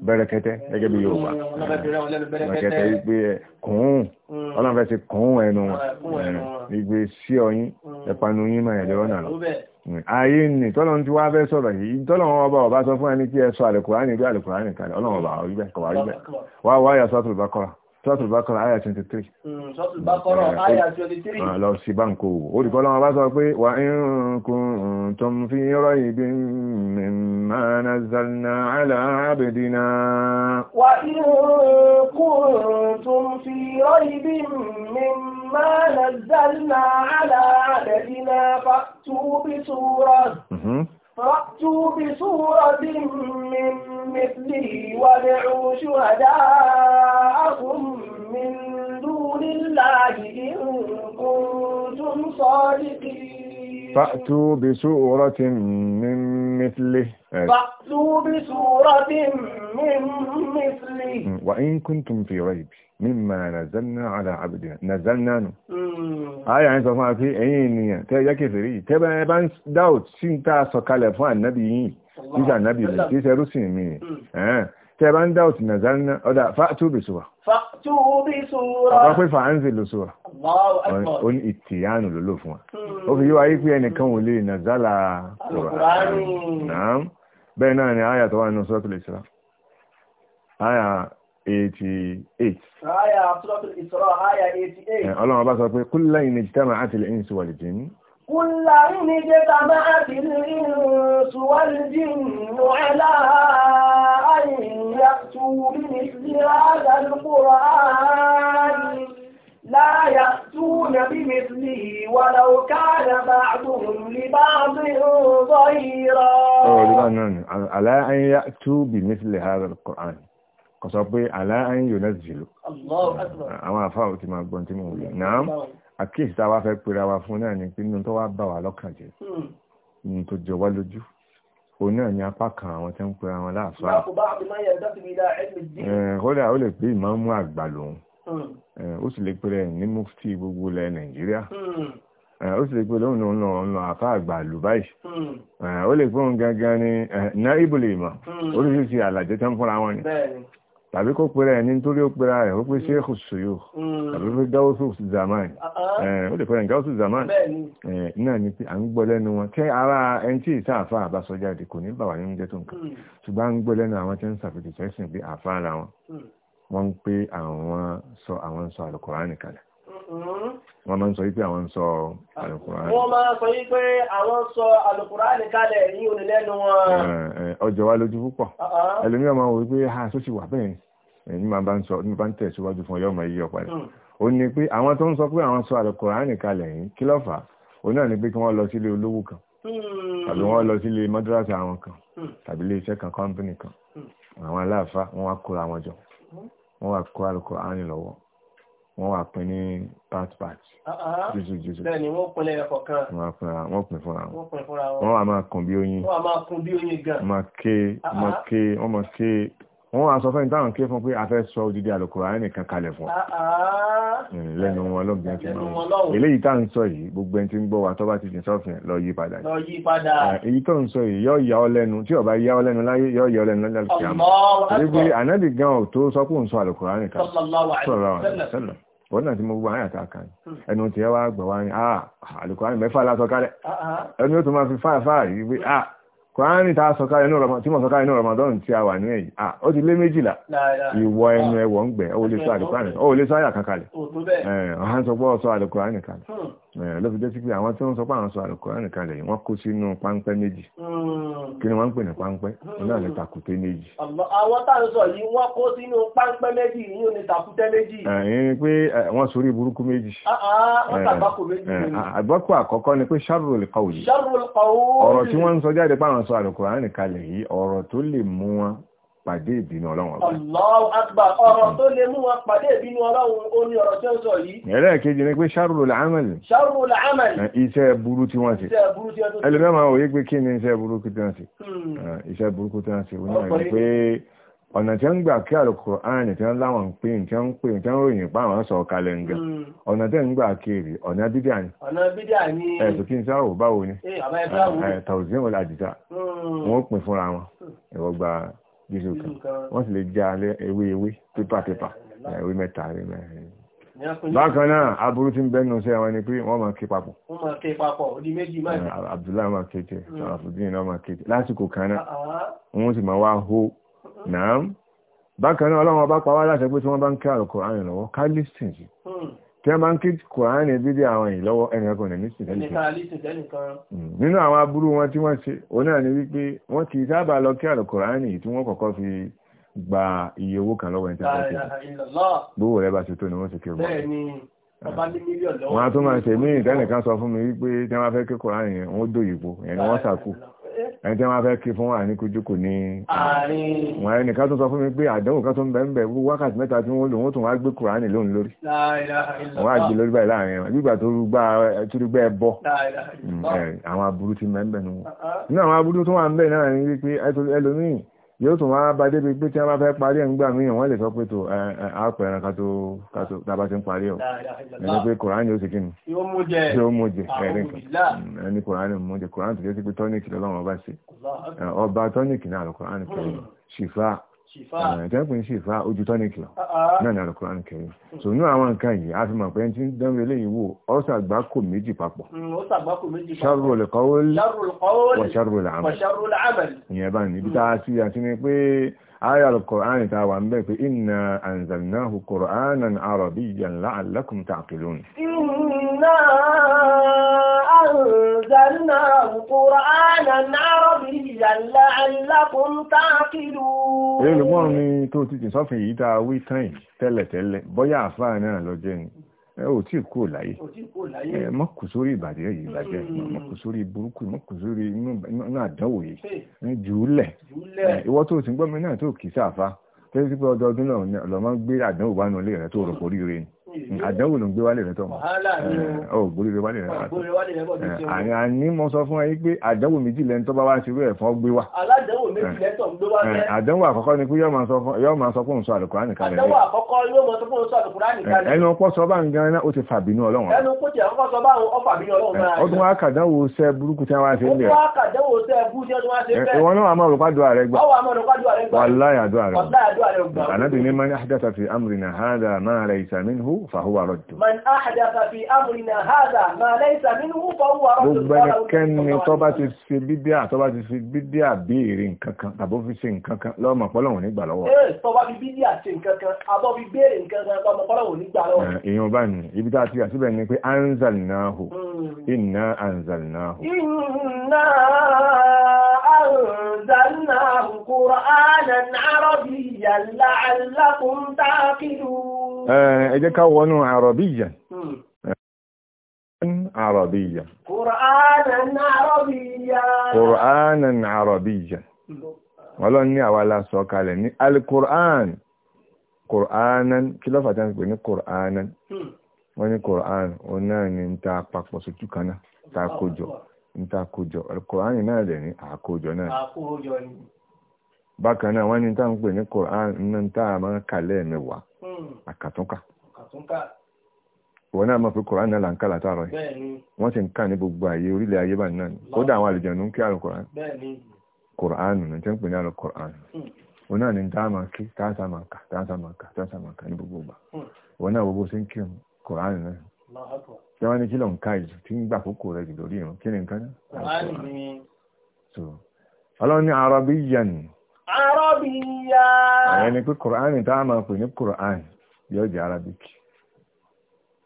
bẹ̀rẹ̀kẹ́tẹ́ gẹ́gẹ́ bí Yorùbá bẹ̀rẹ̀kẹ́tẹ́ wípé kùn ọlọ́run fẹ́ ti mm. kùn ẹnu wọn mm. wípé sí ọyín mm. ẹ̀panu yín máa ẹ̀lẹ́rọ náà lọ ayé nì tọ́lọ́run ti wá fẹ́ sọ̀rọ̀ yìí tọ́lọ́run ọba ọba sọ fún ẹni kí ẹ sọ àlùkùránì bí àlùkùránì kalẹ̀ ọlọ́run ọba ọ̀rí bẹ́ẹ̀ kọ̀wá rí bẹ́ẹ̀ wá wáyà sọ́tùlù bá kọ́ra sọ́tù bákọ́rọ̀ àyà 23. sọ́tù bákọ́rọ̀ àyà 23. lọ sí báńkò olùkọ́ lọ́wọ́ bá sọ pé wà in kuntum fi raybin mimma nazzalna ala abdina. wà in kuntum fi raybin mimma nazzalna ala abdina fa'tu bi surah. Mhm. فأتوا بسورة من مثله وادعوا شهداءكم من دون الله إن كنتم صادقين فأتوا بسورة من مثله فأتوا بسورة من مثله وإن كنتم في ريب مما نزلنا على عبدنا نزلنا آية عن صفحة في أين تيجا كثيري تبا يبان داوت سنتا سكالة فان نبي يجا نبي يجا رسي tẹ́ bá ń dá òtù nàzánná ọ̀dà fàtú bí sùwà. fàtú bí sùwà. àbá pé fàánzì ló sùwà. ó ní ìtìyánu ló lò fún wa. Hmm. ó fi yí wa yí pé ẹnìkan ò lè nàzálà sùwà. naam bẹ́ẹ̀ náà ni àyà tó wà nínú sọ́tù lè sọ́ra. 88. àyà sọ́tù ìsọ̀rọ̀ àyà 88. ọlọ́run bá sọ pé kúlẹ̀ ìnìjítàmà àti ìlú كل إن اجتمعت الإنس والجن على أن يأتوا بمثل هذا القرآن لا يأتون بمثله ولو كان بعضهم لبعض ظهيرا على أن يأتوا بمثل هذا القرآن kọ̀sọ̀pé aláàrin yóò nẹ́sìlò àwọn àfáà ti máa gbọ́n tí mo wùlẹ̀ náà àkíyèsí tàwà fẹ́ pèrè wa fún náà ni pé nínú tó wá bà wà lọ́kàn jẹ́ hmm. jọ wá lójú òun náà ni apá kan àwọn tí ń pera wọn láàfáà kódà eh, ó lè pé ìmáàmù àgbà lòun hmm. eh, ó sì lè pèrè ní mufti gbogbo ilẹ̀ nàìjíríà hmm. eh, ó sì lè pèrè òun lòun lòun lọ àfá àgbà lù báyìí hmm. ó lè pé òun gangan ni náà ibùlẹ̀ ìmọ̀ oríṣiríṣi àlàjẹ́ tó ń fúnra wọn ni tàbí kó pèrè ẹni nítorí ó pèrè rẹ̀ ó pé ṣéèkù ṣòyò tàbí pé gáúsù zaman ó lè pèrè gáúsù zaman náà ni pé à ń gbọ́ lẹ́nu wọn tẹ́ ara ẹni tí ìsá àfa àbáṣọ jáde kò ní bà wà nínú jẹ́ tó nǹkan hmm. ṣùgbọ́n à ń gbọ́ lẹ́nu àwọn tí ń ṣàfihàn sẹ́sìn bí àfa ara wọn hmm. wọ́n ń pé àwọn sọ àwọn sọ àlùkùránì kalẹ̀ Wọ́n máa ń sọ wípé àwọn ń sọ àlùkùránì. Wọ́n máa ń sọ wípé àwọn ń sọ àlùkùránì kalẹ̀ ní onílẹ́nu wọn. Ọjọ́ wa lójú púpọ̀. Uh-huh. Ẹlòmíràn máa ń wò wípé ha sóṣì wà bẹ́ẹ̀ ni màá bá ń sọ ní bá ń tẹ̀síwájú fún ọyọ́ ọmọ yìí ọ̀pá rẹ̀. Ó ní pé àwọn tó ń sọ pé àwọn sọ àlùkùránì kalẹ̀ yìí kí ló fà á? Òun náà ni pé kí wọ́n lọ sílé olówó kan. Hmm. Tàbí wọ́n lọ sílé mọ́dúrásì àwọn kan. Hmm. Tàbí ilé iṣẹ́ kan kọ́ńpínì kan. Hmm. Àwọn aláàfáà wọ́n wá kó wọ́n wà pín ní part part uh-huh. jùsù jùsù bẹ́ẹ̀ ni wọ́n pín lẹ́yìn kọ̀ọ̀kan wọ́n pín fúnra wọn wọ́n wà máa kùn bí oyin wọ́n máa kùn bí oyin gan máa ké máa uh-huh. ké wọ́n máa ké wọ́n wá sọ fẹ́ táwọn ké fún pé a fẹ́ sọ odidi àlùkùránì nìkan kalẹ̀ fún uh-huh. lẹ́nu wọn lọ́gbìn tí wọ́n eléyìí tá ń sọ yìí gbogbo ẹni tí ń gbọ́ wa tó bá ti jìn sọ́fìn lọ yí padà èyí tó ń sọ yìí yóò yà ọ́ lẹ́nu tí ó bá yà ọ́ lẹ́nu láyé yóò yà ọ́ lẹ́nu lálùkùránì ànábì gan ò tó sọ pé òun sọ àlùkùránì nìkan sọ̀rọ̀ àwọn ẹ̀sẹ̀ lọ wọ́n náà ti mọ gbogbo àwọn àyàtà kan hmm. ẹnu tí ẹ wá gbọ̀ wá ní àlùkọ́rán ah, mẹ́fà lásọ̀kálẹ̀ ah, ah. ẹnu yóò tó máa fi fáà fáà yìí pé à kọ́ránì tá a sọ̀kálẹ̀ inú Ramadan tí mo sọ̀kálẹ̀ inú Ramadan tí a wà ní ẹ̀yìn à ó ti lé méjìlá ìwọ ẹnu ẹwọ̀ ń gbẹ̀ ó lè sọ àlùkọ́rán ó lè sọ àyà kan kalẹ̀ eh, ọ̀hán sọ pé ó sọ àlùkọ́rán kalẹ̀ hmm. Eh, ló fi jẹ́ sí pé àwọn tí wọ́n sọ pé àwọn sọ àlùkùránì kalẹ̀ yìí wọ́n kó sínú páńpẹ́ méjì hmm. kí ni wọ́n ń pè ní páńpẹ́ hmm. náà ní tàkùté méjì. àwọn táwọn sọ yìí wọ́n kó sínú páńpẹ́ méjì yìí ní tàkùté méjì. Eh, ẹ̀yin pé eh, wọ́n sórí burúkú méjì. Ah, ah, wọ́n tàbákò méjì. Ah, àgbákò àkọ́kọ́ ni pé sharrul qawl. sharrul qawl. ọ̀rọ̀ tí wọ́n ń sọ jáde pé àwọn sọ àlùkùránì kalẹ̀ yìí ọ̀rọ̀ tó lè mú wọn pàdé ìbínú ọlọ́run ọba. Allahu akbar ọ̀rọ̀ tó lè mú wọn pàdé ìbínú ọlọ́run ó ní ọ̀rọ̀ tí ó sọ yìí. ẹlẹ́ẹ̀kejì ni pé ṣàrùrù làámẹ̀lì. ṣàrùrù làámẹ̀lì. iṣẹ́ burú tí wọ́n ṣe. iṣẹ́ burú tí wọ́n ṣe. ẹlẹ́mẹ̀ máa wòye pé kí ni iṣẹ́ burú tí wọ́n ṣe. Hmm. iṣẹ́ burúkú tí wọ́n ṣe onímọ̀ ni pé ọ̀nà tí ó ń gbà kí Al-Qur'an tí wọ́n láwọn pé tí wọ́n pè tí wọ́n ròyìn pa àwọn sọ kalẹ̀ ǹgẹ̀ hmm. ọ̀nà tí ó gbà kiri ọ̀nà bídíà ni ẹ̀sùn kí n sáà ò báwo ni tàùsí wọn lájìjá wọn ó pín fúnra wọn hmm. ìwọ̀gbà jésù kan wọ́n sì lè já ewé ewé pépà pépà ewé mẹ́ta ewé mẹ́rin bákan náà aburú tí ń bẹ́nu sí àwọn ẹni pé wọ́n máa ké papọ̀. wọ́n máa ké papọ̀ ó di méjì máa. Abdullahi máa ké tẹ hmm. Sàràfùdín náà máa ké tẹ lásìkò kan náà ah, ah. wọ́n sì máa wá hó náà bákan náà ọlọ́run ọba pa wá láṣẹ pé tí wọ́n bá ń ké àlùkò àyàn lọ́wọ́ ká lísìn sí tí a máa ń kí kòránì bídí àwọn èyí lọ́wọ́ ẹnìyàkọ̀ ní sìtẹ́lìkan hmm. nínú àwọn aburú wọn tí wọ́n ṣe òun náà ni wípé wọ́n kì í sábà lọ kí àlọ́ kòránì tí wọ́n kọ́kọ́ fi gba iye owó kan lọ́wọ́ ẹni tí a fẹ́ ṣe gbówó rẹ̀ bá ṣe tó ni wọ́n ṣe kí wọ́n a tó máa ṣe mí ìdánìkan sọ fún mi wípé tí wọ́n fẹ́ kí kòránì yẹn wọ́n dòyìnbó ẹni ẹni tí wọ́n fẹ́ kí fún wa ní kújúkù ní wọ́n ẹni ká tún sọ fún mi pé àdánwò ká tún bẹ̀m̀bẹ̀ wákàtí mẹ́ta tí wọ́n lò wọ́n tún wá gbé kùránì lóun lórí wọ́n wá gbé lórí báyìí láàrin ẹ̀wọ̀n gbígbà tó rúgbà ẹbọ hmm, àwọn aburú ti mẹ́m̀bẹ̀ nù uh-huh. nínú àwọn aburú tó wà ń bẹ̀ náà ní wípé ẹlòmíì yóò tún wá bá débi pé tí wọ́n bá fẹ́ parí ẹ̀ ń gbà míyàn wọ́n lè sọ pé tó àpẹ̀ ẹran kátó kátó tàbá ti ń parí ọ̀ ẹni pé kòránì ó sì kí ni tí ó mú jẹ ẹ̀rín kan mm, ẹni kòránì mú jẹ kòránì tó jẹ́ sí pé tọ́níkì lọ́wọ́ ọba sí ọba tọ́níkì náà lọ kòránì tẹ́kùn sí ìfà ojú tọ́nìkì lọ ah, ah. náà ní Al-Qur'an hmm. so ní àwọn nǹkan yìí a fi mọ̀ pé tí ń dánwò eléyìí wò ó sàgbákò hmm, méjì papọ̀ sharrul qawl wa sharrul amal ìyẹn bá ní ibi tá a sí àti ní pé aya al-Qur'an ta wà ń bẹ̀ pé inna anzalnahu Qur'anan arabiyyan la'allakum ta'qilun inna anzalnahu Qur'anan arabiyyan la'allakum ta'qilun ẹ ò tí kú láyé ẹ mọ kù sórí ìbàjẹ́ yìí ìbàjẹ́ mọ hmm. kù sórí burúkú mọ inú àdánwò yìí jùúlẹ̀ tó ti gbọ́ mi náà tó kì í sáfa tẹ́lifíṣẹ́ ọdọọdún náà lọ́mọ gbé àdánwò bá nulẹ̀ rẹ tó rọ̀ pọ̀ ríire àdánwò ló ń gbé wálé rẹ tọ́ ọ gbórí rẹ wálé rẹ tọ́ àní àní mo sọ fún ẹ pé àdánwò méjì lẹ́ni tó bá wá ń ṣerú ẹ̀ fún ọ gbé wá àdánwò àkọ́kọ́ ni pé yóò máa sọ fún òun sọ àlùkùrá nìkan rẹ̀ àdánwò àkọ́kọ́ yóò máa sọ fún òun sọ àlùkùrá nìkan rẹ̀ ẹnu ọpọ́ sọ bá ń gan ó ti fàbínú ọlọ́run ẹnu kó ti àkọ́kọ́ sọ bá ó fàbínú ọlọ́run ọdún wa kàdánwò sẹ burúkú tí wọ́n ṣe ń bẹ̀ ìwọ̀n náà àmọ́ òrùpádùá rẹ̀ gbà wàláyà àdúrà rẹ̀ gbà ànábì ní man ahdatha fi amrina minhu fahuwa raddu. man ahdatha fi amrina hadha ma laysa minhu fahuwa raddu. gbogbo ẹnikẹ́ni tó bá ti ṣe bídíà tó bá ti ṣe bídíà béèrè nǹkan kan tàbí fi ṣe nǹkan kan lọ́mọ pọ́lọ́wọ̀n nígbà lọ́wọ́. ee eh, tó bá fi bídíà ṣe nǹkan kan àbọ̀ fi béèrè nǹkan kan lọ́mọ pọ́lọ́wọ̀n nígbà lọ́wọ́. èèyàn eh, bá ní ibi tá a ti àṣìbẹ̀ ni pé anzalnahu hmm. inna anzalnahu. inna أنزلناه قرآنا عربيا لعلكم تعقلون إذا كونوا عربيا عربيا قرآنا عربيا قرآنا عربيا Ọlọ́run ní àwa la sọ kalẹ̀ ní Al-Qur'an, Qur'anan, kí ló fàtà ń pè ní Qur'anan? Wọ́n ní Qur'an, òun náà ni ń ta papọ̀ sójú kaná, ta níta kójọ kòránì náà dẹ̀ ní àkójọ náà bákan náà wọ́n ní tá ń pè ní kòránì tá a máa kà lẹ́ẹ̀mẹ́wàá hmm. àkàtúnkà wọ́n náà mọ̀ pé kòránì náà là ń kà látàrọ̀ yìí wọ́n sì ń kà ní gbogbo ààyè orílẹ̀ ayé bá náà kódà àwọn àlùjànnú ń kí àrùn kòránì kòránì ní tẹ́ ń pè ní àrùn kòránì wọ́n náà ní tá a máa kí tá a sá máa kà tá a sá máa kà a sá máa kà ní gbogbo ìgbà hmm. wọ́n náà gbogbo sí ṣe wá ní kí ló ń ká ìjù tí ń gbà kókò rẹ̀ jù lórí ìrún kí ni nǹkan náà ọlọ́ni arabiyan arabiyan àwọn ẹni pé kùránì tá a máa pè ní kùránì yóò jẹ́ arabic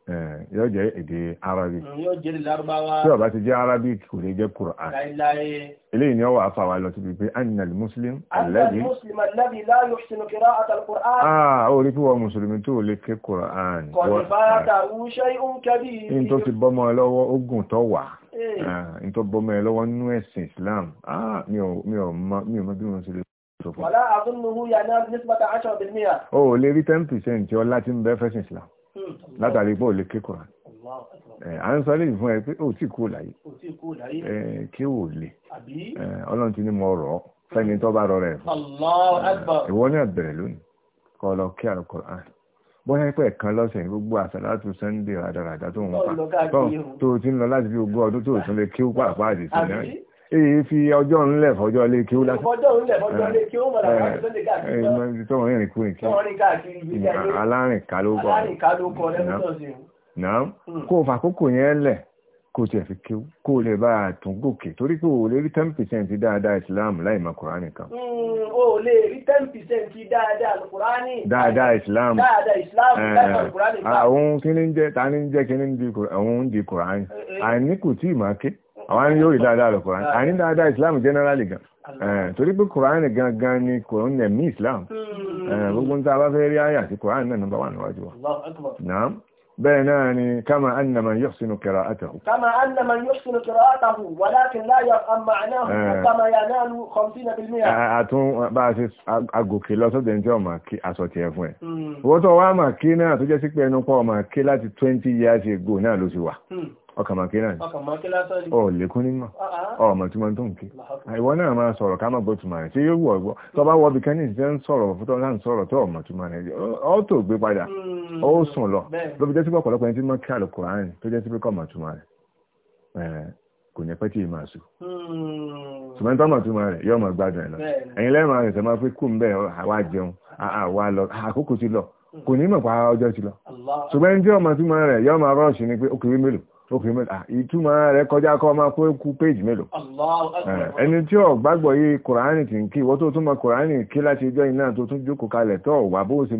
Eh, yóò jẹ́ èdè arabic hmm, tí ó bá ti jẹ́ arabic kò lè jẹ́ quran eléyìí ni ó wà fà wá lọ síbi pé annal muslim alladhi ah orí kí wọ́n mùsùlùmí tó lè ké quran eh, in tó ti bọ́mọ lọ́wọ́ ogun tó wà eh. ah, in tó bọ́mọ lọ́wọ́ nú ẹ̀sìn islam ah, mi ò mọ̀ bí wọ́n sì lè sọ fún. wàlá àdúnnú yà náà nípa 10% ó lè rí 10% ọlá tí ń bẹ fẹ́sìn islam látàrí pé ò lè ké kùrán à ń sọ lè fún ẹ pé ò tí kú láyé kí ò lè ọlọ́run ti ní mo rọ̀ ọ́ fẹ́ni tó bá rọrẹ̀ fún ìwọ náà bẹ̀rẹ̀ lónìí kọ́ lọ kí Al-Qur'an bọ́yá pẹ̀ kan lọ́sẹ̀ gbogbo àsàlátù Sunday àdàràdà tó ń pa tó ti ń lọ láti fi ogún ọdún tó tún lè kí ó pàápàá àdìsí náà èyí fi ọjọ́ ńlẹ̀ fọjọ́ ilé kí ó lásán. ọjọ́ ńlẹ̀ fọjọ́ ilé kí ó mọ̀lá láti tó lè káàkiri. ẹ tó wọn rìn kúrin kí. tó wọn rìn káàkiri ibi tí a yẹ. alárìnká ló kọ. alárìnká ló kọ lẹ́nu tó ṣe. náà hmm. kó o fàkókò yẹn lẹ̀ kó o tiẹ̀ fi kí kó o lè bá a tún gòkè torí pé o lè rí ten percent dáadáa Islam láì mọ Kùránì kan. Hmm, o lè rí ten percent dáadáa Kùránì. dáadáa Islam. dáadáa Islam eh, láì mọ Kùránì kan. àwọn kí ni ń jẹ ta ni ń jẹ kí ni ń di Kùránì eh, eh. àìní kò tí ì àwọn àní yóò rí dáadáa lọ kùránì àní dáadáa ìsìláàmù generally gan eh, torí pé kùránì gangan ni kùránì ẹ̀mí ìsìláàmù hmm. eh, gbogbo ń tá a bá fẹ́ rí àyà sí kùránì náà nọ́mbà wà níwájú wa náà bẹ́ẹ̀ náà ni kama annama yuhsinu qira'atahu kama annama yuhsinu qira'atahu walakin la yafham ma'nahu kama eh. yanalu 50% àtún bá a ṣe agòkè lọ́sọ̀dẹ̀ ní tí ọmọ kí asọ̀tì ẹ̀ ẹ̀ hmm. owó tó wá mà kí náà tó jẹ́ sí pé ẹnu pọ̀ mà kí láti 20 years ago náà ló sì wà hmm ọkàn máa ni ọ lékún nímọ̀ ọmọ tí wọ́n tó ń ké ìwọ náà máa sọ̀rọ̀ ká má gbọ́ tùmọ̀ rẹ̀ tí yóò wọ̀ ọgbọ́ tó bá wọ́ bí kẹ́ni ìṣẹ́ ń sọ̀rọ̀ fún tọ́lá ń sọ̀rọ̀ tó ọmọ tùmọ̀ rẹ̀ ọ tó gbé padà hmm. ó sùn lọ ló fi jẹ́ sí pọ̀pọ̀lọpọ̀ ẹni tí wọ́n kí àlùkò àárín tó jẹ́ sí pé kọ́ ọmọ tùmọ̀ rẹ̀ kò ní pẹ́ tí ì máa tó fi mẹ́ta ìtumọ̀ rẹ̀ kọjá kọ́ máa pé kú péjì mélòó ẹni tí ó gbàgbọ́ yé kùránì tí ń kí ìwọ tó túmọ̀ kùránì kí láti ẹjọ́ iná tó tún jókòó kalẹ̀ tó wà bó ṣe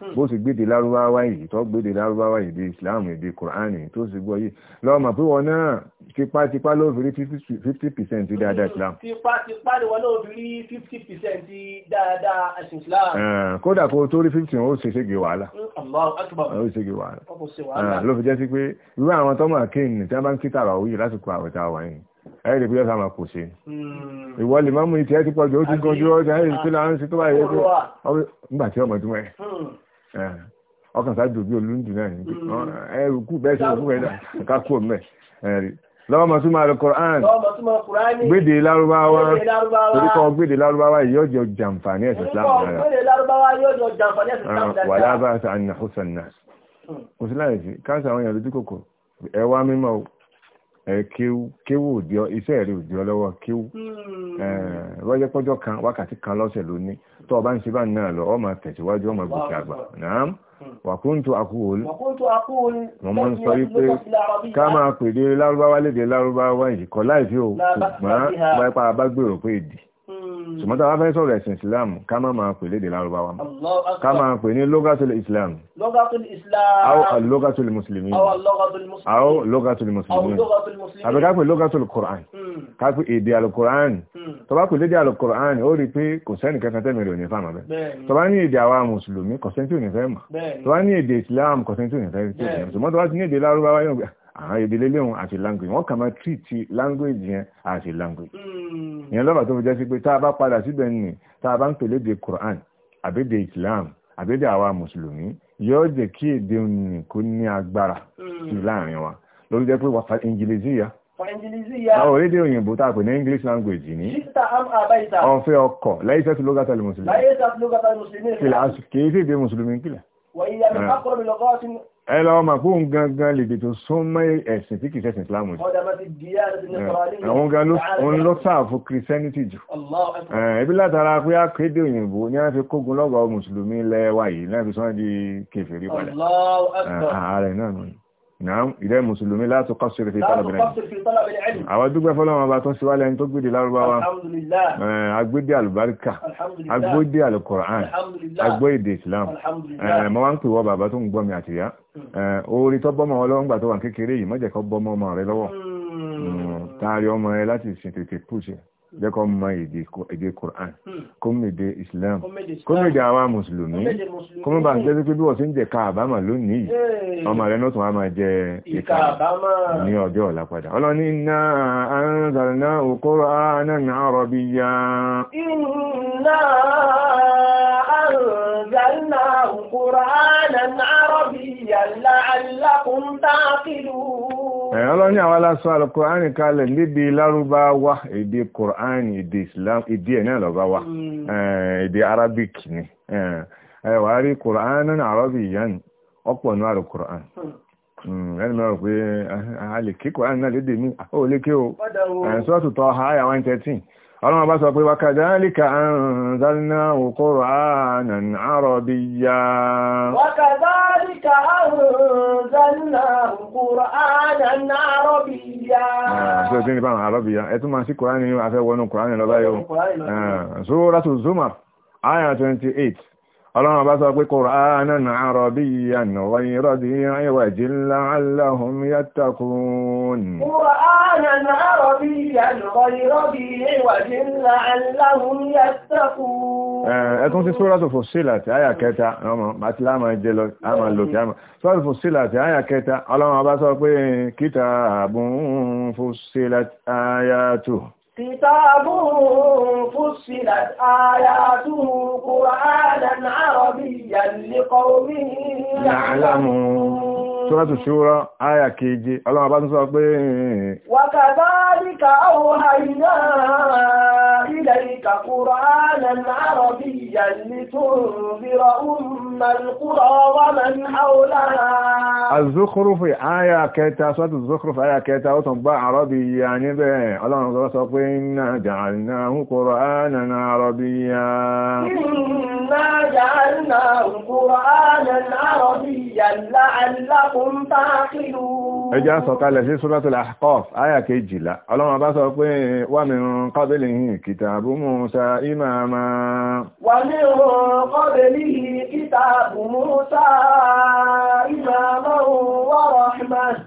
Hmm. bó sì gbéde lárúbáwá yìí tó gbéde lárúbáwá yìí di islam èdè kùránì tó sì gbọ́ yìí lọ́mọ pé wọn náà tipátipá ló fi rí fifty percent dáadáa islam. tipátipá ni wọn náà fi rí fifty percent dáadáa ẹ̀sìn islam. Eh, kódà kó tó rí fifty ó ṣe ṣége wàhálà. ó ṣe ṣége wàhálà. Eh, ló fi jẹ́ sí pé irú àwọn tọ́mọ akéènì tí wọ́n bá ń kí tààrà òwúyẹ lásìkò àwẹ̀ tá a wà yìí ẹ̀rì pé ọ̀sán máa kò ṣe hmm. ìwọ lè máa ìtì ẹ́ ti pọ̀jù ó ti ganjú ọjà ẹ̀rì pé láàrín sí tó bá yẹ pé nígbà tí ọmọ ìdúnmọ̀ ẹ̀ hmm. Eh, ọkàn sáà dòbí olúndùn náà ní ẹrù kú bẹ́ẹ̀ ṣe òkú ẹ̀ náà ká kú ọ̀mẹ́ ẹ̀rí eh, lọ́wọ́ ma tún máa lọ Kùránì gbédè lárúbáwá orúkọ gbédè lárúbáwá yóò jọ jàǹfààní ẹ̀sìn Islam rárá wà lábáṣà àná hùsàn náà kò sí láyé sí káàsì àwọn èèyàn lójú kòkò ẹwà mímọ́ kéwù òdì iṣẹ́ rẹ̀ òdì ọlọ́wọ́ kéwù rọ́jẹ́ hmm. pọ́jọ́ kan wákàtí kan lọ́sẹ̀ lóní tó ọba ń ṣe bá náà lọ ọmọ tẹ̀síwájú ọmọ gòkè àgbà náà wàkúntù àkúhòlù wọ́n mọ́ ń sọ wípé ká máa pèdè lárúbáwá lédè lárúbáwá yìí kọ́ láìsí ò ṣùgbọ́n wáyé pa abágbèrò pé èdè Hmm. ṣùgbọ́n tàbá fẹ́ sọ̀rọ̀ ẹ̀sìn islam ká máa máa pè léde lárúbáwá ká máa pè ní lọ́gàtúlù islam àwọn lọ́gàtúlù mùsùlùmí àwọn lọ́gàtúlù mùsùlùmí àbí ká pè lọ́gàtúlù quran hmm. ká pè èdè alukuran hmm. tó bá pè léde alukuran ó rí pé kò sẹ́ni kankan tẹ́mi rẹ̀ ò ní fà mọ́ bẹ́ẹ̀ tó bá ní èdè àwa mùsùlùmí kò sẹ́ni tí ò ní fẹ́ mọ̀ tó bá ní èdè islam kò sẹ́ni tí ò ní fẹ́ mọ̀ àwọn èdè lélẹ̀ òun àti language wọ́n kà máa tírìtì language yẹn àti language hmm. ìyẹn lọ́bàá tó fi jẹ́ sí pé tá a bá padà síbẹ̀ nì tá a bá ń pèlè de Quran àbédè Islam àbédè àwa mùsùlùmí yóò jẹ́ kí èdè òun kó ní agbára sí hmm. láàrin wa lórí jẹ́ pé wàfà ingilizi ya Àwọn èdè òyìnbó tá a pè ní English language ní. Ọ̀fẹ́ ọkọ̀ láyé sẹ́tù lógátàlì Mùsùlùmí. Láyé sẹ́tù lógátàlì Mùsùlùmí. Mùsùlùmí ẹ lọ ọmọ fún gangan lèdè tó súnmọ́ ẹ̀sìn tí kìí ṣẹ̀sìn Islam jù òun ló sáàfù Christianity jù ẹbí látara pé a kéde òyìnbó ní a fi kógun lọ́gọ̀ọ́ mùsùlùmí lẹ́wà yìí náà fi sọ́n di kèfèrí padà ààrẹ náà nù Nàám ìrẹ́ Mùsùlùmí láti kọ́sìrì fi tọ́lọ̀ bẹ̀rẹ̀. Àwọn dúgbẹ́ fọ́lọ́wọ́ ọba tó síwálẹ̀ ẹni tó gbèdè lárúbáwá. Agbédè àlùbáríkà, agbódè àlùkọ̀rán, agbóèdè Islam. Mọ́ wá ń pè wọ́ bàbá tó ń gbọ́ mi àtìyá. Hmm. Orí tó bọ́mọ ọlọ́wọ́ ńgbà tó wà kékeré yìí, mọ́jẹ̀ kọ́ bọ́mọ ọmọ rẹ lọ́wọ́. Hmm. Hmm. Táàrí ọmọ rẹ láti ṣètètè pùṣẹ̀ jẹ́ kó mọ èdè Qur'an hmm. kó mọ èdè Islam kó mọ èdè àwa mùsùlùmí kó mọ bá ń jẹ́ pé bí wọ́n sí ń jẹ ká àbámà lónìí ọmọ rẹ̀ náà tún wá máa jẹ ìka ní ọjọ́ ọ̀la padà ọlọ́ni inna anzalnahu Qur'anan Arabiyya inna anzalnahu Qur'anan Arabiyyan la'allakum ta'qilun ẹ̀rọ eh, lọ́ní àwọn aláṣọ alukùránì kalẹ̀ níbi lárúbáwá èdè kùránì èdè islam èdè ẹ̀ náà wa hmm. eh, èdè arabic ni ẹ̀wà eh, rí kùránì àrọ́bì yẹn ọ̀pọ̀ nù alukùránì ẹni mẹ́rọ pé a lè kí kùránì náà lédè mi ó o ọlọ́run bá sọ pé wákàdálíkà àǹzálná Qur'anan Arabiyya wákàdálíkà àǹzálná Qur'anan Arabiyya ṣe ah, tí ní bá àwọn àrọ́bìyà ẹ̀tún máa sí kòránì afẹ́wọnú kòránì lọ́bá yóò ah, Suratu Zumar ayà 28 ọlọ́run bá sọ pé Qur'anan Arabiyyan ghayra dhi 'iwajin la'allahum yattaqun. Qur'anan Arabiyyan ghayra dhi 'iwajin la'allahum yattaqun. Ẹ̀tún sí Suratul Fussilat àyà kẹta, ọmọ àti láàmà jẹ lọ, àmà lòkè àmà. Suratul Fussilat àyà kẹta, ọlọ́run bá sọ pé kitabun fussilat ayatuhu. كتاب فصلت آياته قرآنا عربيا لقوم يعلمون سورة الشورى آية كيجي الله بان وكذلك أوحينا إليك قرآنا عربيا لتنذر أم أم الزخرف آية كيتا سوات الزخرف آية كيتا وطبع عربي يعني به الله نظر سوقنا جعلناه قرآنا عربيا إنا جعلناه قرآنا عربيا لعلكم تعقلون إجاسة قال في سورة الأحقاف آية كيجلا الله نظر سوقنا ومن قبله كتاب موسى إماما ومن قبله كتاب موسى إماما ورحمة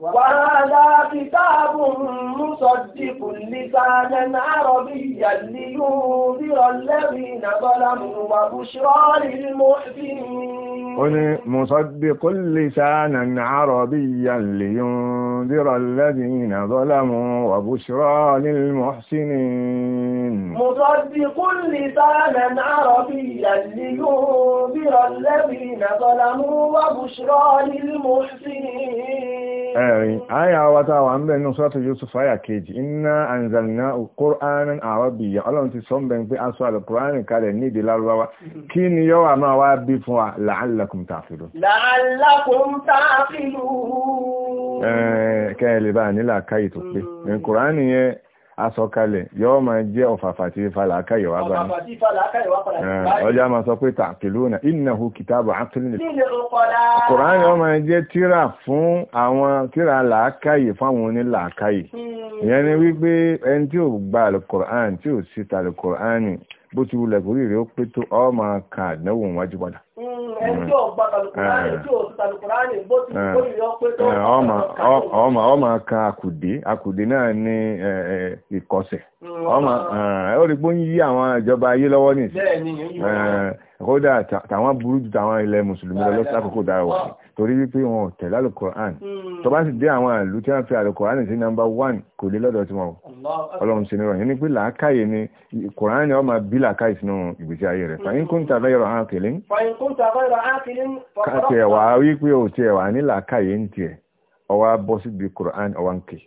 وهذا كتاب مصدق لسانا عربيا لينذر الذين ظلموا وبشرى للمحسنين مصدق لسانا عربيا لينذر الذين ظلموا وبشرى للمحسنين مصدق لسانا عربيا لينذر الذين ظلموا وبشرى للمحسنين kẹrin àyà wa tá wà ń bẹ̀ nínú sọ́tọ̀ Yusuf àyà kejì inna anzalna Qur'anan arabiyya ọlọ́run ti sọ ń bẹ̀ pé aṣọ alùkùránì kalẹ̀ ní èdè lárúbáwá kí ni yọ́ wà máa wá bí fún wa la'allakum ta'qilun. la'allakum ta'qilun. ẹ̀ẹ́ kẹ́ ẹ lè bá a nílà káyì tó pé kùránì hmm. yẹn asọ̀kalẹ̀ yọ́ ma jẹ́ ọ̀fàfà tí falà káyọ̀ wá bá eh, ma sọ pé ọ ma tira fún àwọn tíra hmm. ìyẹn ni wípé ẹni tí ò gba alukùránì tí ò sí bó ti ó pé tó ọ ka wájú padà hmm, tí ò gba eh. tí ò Eh, eh, ọmọ ọmọ kan àkùdé àkùdé náà ní eh, ìkọsẹ̀ mm, ọmọ ó rí gbóyìn yí àwọn ìjọba ayé lọ́wọ́ nìsí kódà tàwọn burú ju tàwọn ilẹ̀ mùsùlùmí lọ lọ́sàkókò dára wà ní torí wípé wọn ò tẹ̀lé alukoran hmm. tó bá sì dé àwọn àlù tí wọ́n fi alukoran sí one kò lé lọ́dọ̀ tí wọn ọlọ́run ṣe nírọ̀ yìí ni pé làákàyè ni koran ni wọ́n máa bí làákàyè sínú ìgbésí ayé rẹ̀ fàyín kún tàbí ẹ̀rọ àkèlé káàkiri ẹ̀wà wípé ò tiẹ̀ wà ní làákàyè ń tiẹ̀ ọwọ́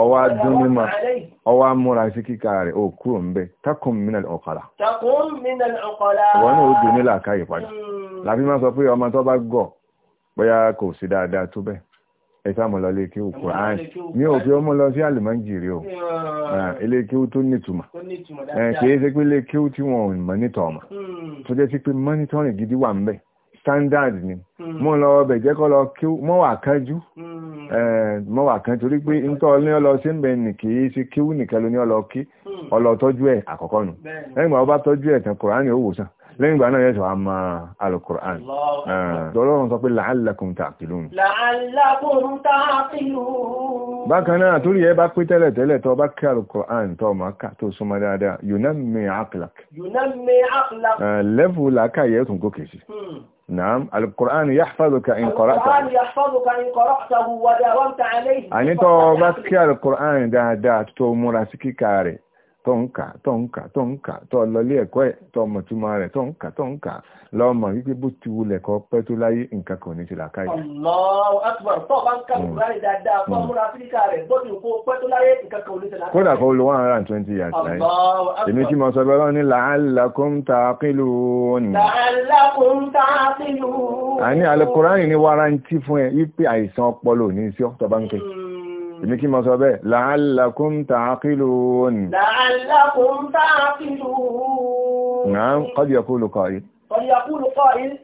ọwá dún mímọ̀ ọwá múra sí kíkà rẹ̀ ó kúrò ń bẹ takun minal ọ̀kọ̀lá wọ́n ní ó dùn ní làákàyè padà hmm. láti máa sọ pé ọmọ tó bá gọ̀ bóyá kò sí dáadáa tó bẹ́ẹ̀ ẹ̀sà mọ̀ lọ lékí òkú àárín ní òfin ọmọ lọ sí àlùmọ́njìrì o ah, ilékí tó nítumà eh, kìí ṣe pé ilékí tí wọn mọ̀ nítọ̀ hmm. tó jẹ́ sí pé mọ́nítọ́rìn gidi wà ń bẹ̀ standard ni hmm. mo lọ ọbẹ̀ jẹ́ kọ́ lọ kí mọ́ wà kánjú mọ́ hmm. wà kán torí pé ntọ́ ní ọlọ sí ń bẹ nì kì í ṣe kíwú nìkan ló ní ọlọ kí hmm. ọlọ tọ́jú ẹ̀ àkọ́kọ́ nù lẹ́yìn ìgbà ọba tọ́jú ẹ̀ tán kùránì ó wòsàn lẹ́yìn ìgbà náà yẹ́sọ̀ àmà alùkùránì lọ́lọ́run sọ pé làálàkùn tààkìlùn bákan náà torí ẹ bá pé tẹ́lẹ̀ tẹ́lẹ̀ tọ́ bá kí alùkùránì tọ́ ma ká tó súnmọ́ dáadáa yunami aklak lẹ́fù làákàyẹ́ tún gòkè sí نعم القرآن يحفظك إن قرأته القرآن يحفظك إن قرأته وداومت عليه أنت بس القرآن ده ده تو مراسكي كاري tó ń kà tó ń kà tó ń kà tó lọlé ẹ̀kọ́ ẹ̀ tó ọmọ túmọ̀ rẹ̀ tó ń kà tó ń kà lọ́mọ wípé bó ti wulẹ̀ kọ́ pẹ́ tó láyé nǹkan kan ní ti là káyìí. Allahu Akbar tó bá ń ká kùránì dáadáa fún ọmọ áfíríkà rẹ̀ bó ti kó pẹ́ tó láyé nǹkan kan ní hmm. ti là káyìí. kódà kó lo one hundred and twenty years láyé èmi tí mo sọ bẹ́ẹ̀ lọ́wọ́ ní la'allakum taqilun. la'allakum taqilun. àní alukùránì ni wàrántí fún ẹ wípé àìsàn ọpọlọ ò ní í sí ọ èmi kí mo sọ bẹ́ẹ̀ la'allakum ta'qilun. la'allakum ta'qilun. náà qad yaqulu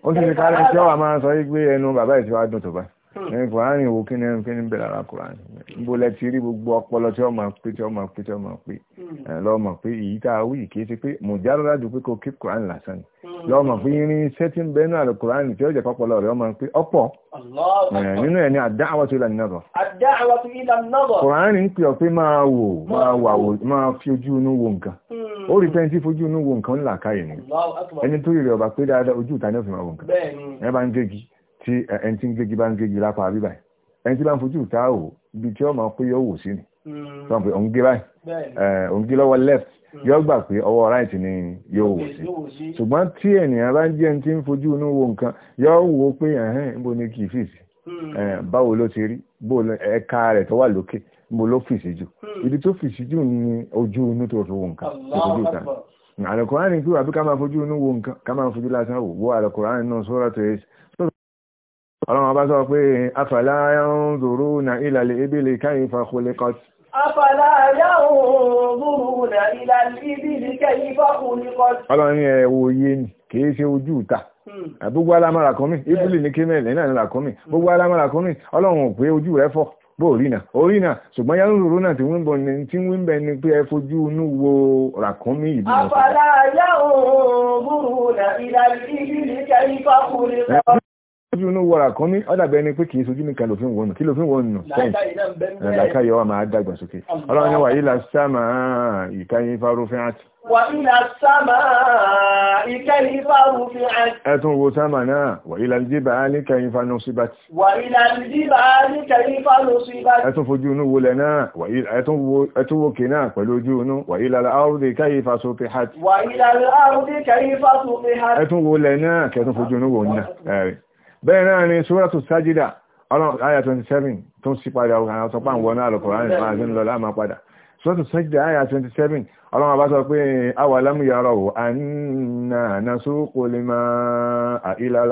ó sì ní kárẹ́ tí ó wà máa sọ yí ẹnu bàbá ìṣèwádùn tó báyìí ẹni kùránì wo kí ni ẹni kí ni bẹ̀rẹ̀ ara kùránì níbo lẹ ti rí gbogbo ọpọlọ tí ọmọ pé tí ọmọ pé tí ọmọ pé hmm. lọ́mọ pé èyí tá a wí kìí ṣe pé mo jáde lájú pé kò kí kùránì lásán ni hmm. lọ́mọ pé irin iṣẹ́ tí ń bẹ náà lọ kùránì tí ó jẹ́ pọ́pọ́lọ rẹ̀ ọmọ pé ọ̀pọ̀ nínú ẹ̀ ní àdáwọ̀tò ìlànà náà bọ̀ kùránì ń pè ọ́ pé máa wò máa wà wò máa fi ojú inú wo nǹkan hmm. ó rí pẹ́ntì fojú inú wo nǹkan ńlá káyè ni ẹni tó rí rẹ̀ ọba pé dáadáa ojú ìta tí ẹni ń bá ń gégi lápá bíbá ẹni bá ń fojú ìta ò ibi tí ọmọ pé yóò sí ni hmm. sọ pé òun gé báyìí òun gé lọ́wọ́ left hmm. yóò gbà pé ọwọ́ right ni yóò sí ṣùgbọ́n tí ènìyàn bá jẹ́ ẹni ń fojú inú wo nǹkan yóò wò pé ẹ̀hẹ́n níbo ni kì fìsì hmm. báwo ló ti rí bó ẹ̀ka rẹ̀ tó wà lókè mo ló fìsì jù ibi tó fìsì jù ni ojú inú tó fi wo nǹkan ojú ìta àlùkò ránì pé àbí ká máa fojú inú wo nǹkan ká máa fojú lásán wò àlùkò náà tó yẹ ọlọ́run bá sọ pé afàlá yanzuruna ila al-ibili kayfa khuliqat afàlá yanzuruna ila al-ibili kayfa khuliqat ọlọ́run ní ẹ̀wò yé ni kìí ṣe ojú ìta hmm. gbogbo alámàrà kan mi ibili ní kí mẹ́rin náà nílà kan mi hmm. gbogbo alámàrà kan mi ọlọ́run ò pé ojú rẹ fọ́ bó orí náà tí wọ́n bọ̀ ní tí wọ́n bẹ̀ ni pé ẹ fojú inú wo ràkúnmí ìbí afàlá yanzuruna ila al-ibili kayfa khuliqat ẹbí inú wọ́ra kan ní ọ́dàbẹ́ ẹni pé kìí sojú nìkan lòfin wọnù kí lòfin wọnù sẹ́yìn làkàyọ̀ wà máa dàgbà sókè ọlọ́run ní wà ilà sáàmà ìkáyín fárúfin àti wà ilà sáàmà ìkáyín fárúfin àti ẹ̀tún wo sáàmà náà wà ilà jíbà ní kẹyìn fánú síbàtì wà bẹ́ẹ̀ náà ni ṣúrọ́tù sájídà àyà 27 tó ń sí padà ọ̀gá sọ pàǹwọ̀ náà lọ́kọ̀ọ́ láàrin máa ń lọ láàmà padà ṣúrọ́tù sájídà 27 ọlọ́run bá sọ pé awàlámù yàrá ò anna nasúkò lè máa ila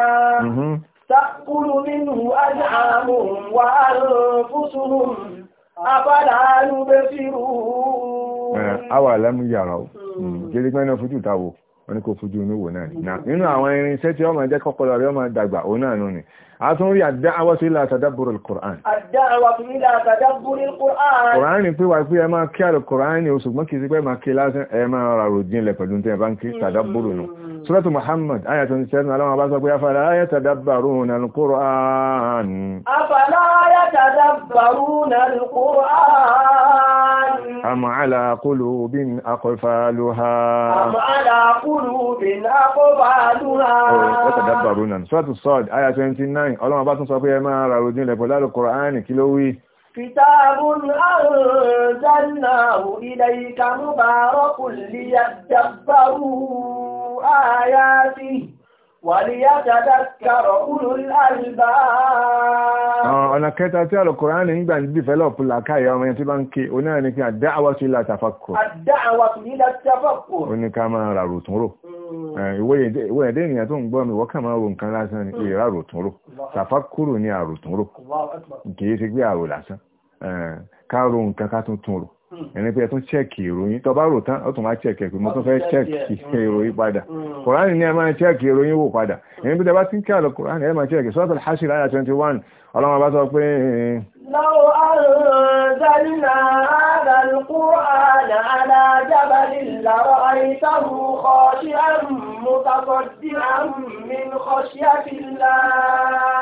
al تأكل منه أنعامهم وأنفسهم أفلا يبصرون أولم يروا kiri pẹ́ náà fojú ìtawò wọ́n ní kò fojú inú wò náà nìyà nínú àwọn irinṣẹ́ tí ó máa jẹ́ kọ́kọ́lọ́ rẹ̀ ó máa dàgbà òun náà nù ní a tún rí àdáwọ́ sí ilá tàdábùrù al-Qur'an Kùránì pé wà pé ẹ máa kí àlùkùránì oṣùgbọ́n kìí sí pé máa kí lásán ẹ máa rà rò jínlẹ̀ pẹ̀lú tí bá ń kí tàdábùrù nù Suratu Muhammad, ayà 27, aláwọ̀ bá sọ pé, Afala yatadabbaruna al-Qur'an. Afala yatadabbaruna al-Qur'an. Am ala qulubin aqfaluha. Am ala qulubin aqfaluha. Yatadabbaruna. Suratu Sad, ayà 29, ọlọ́wọ̀ bá tún sọ pé ẹ máa ràròjìnlẹ̀ pẹ̀lú كتاب أنزلناه إليك مبارك ليدبروا آياته ọ̀nà kẹta tí Al-Qur'an ní gbà bí fẹ́lọ̀pù làkáyà ọmọ yẹn tí bá ń ké o náà ní kí ad-da'watu ila tafakkur o ní ká máa ràrò tún rò hmm. ìwé ẹ̀dẹ́ ènìyàn tó ń gbọ́ mi wọ́kà máa ro nǹkan lásán ní ìràrò tún tàfàkùrù ní àrò kìí ti gbé àrò lásán Eh, ká ro nǹkan ká tún tún rò hmm. ẹni pé ẹ tún chẹ́ẹ̀kì ìròyìn tó bá rò tán ó tún wá chẹ́ẹ̀kì ẹ̀kùn mo tún fẹ́ chẹ́ẹ̀kì ìròyìn padà hmm. hmm. kòránì ní ẹ máa chẹ́ẹ̀kì ìròyìn wò padà ẹni pé tẹ bá ti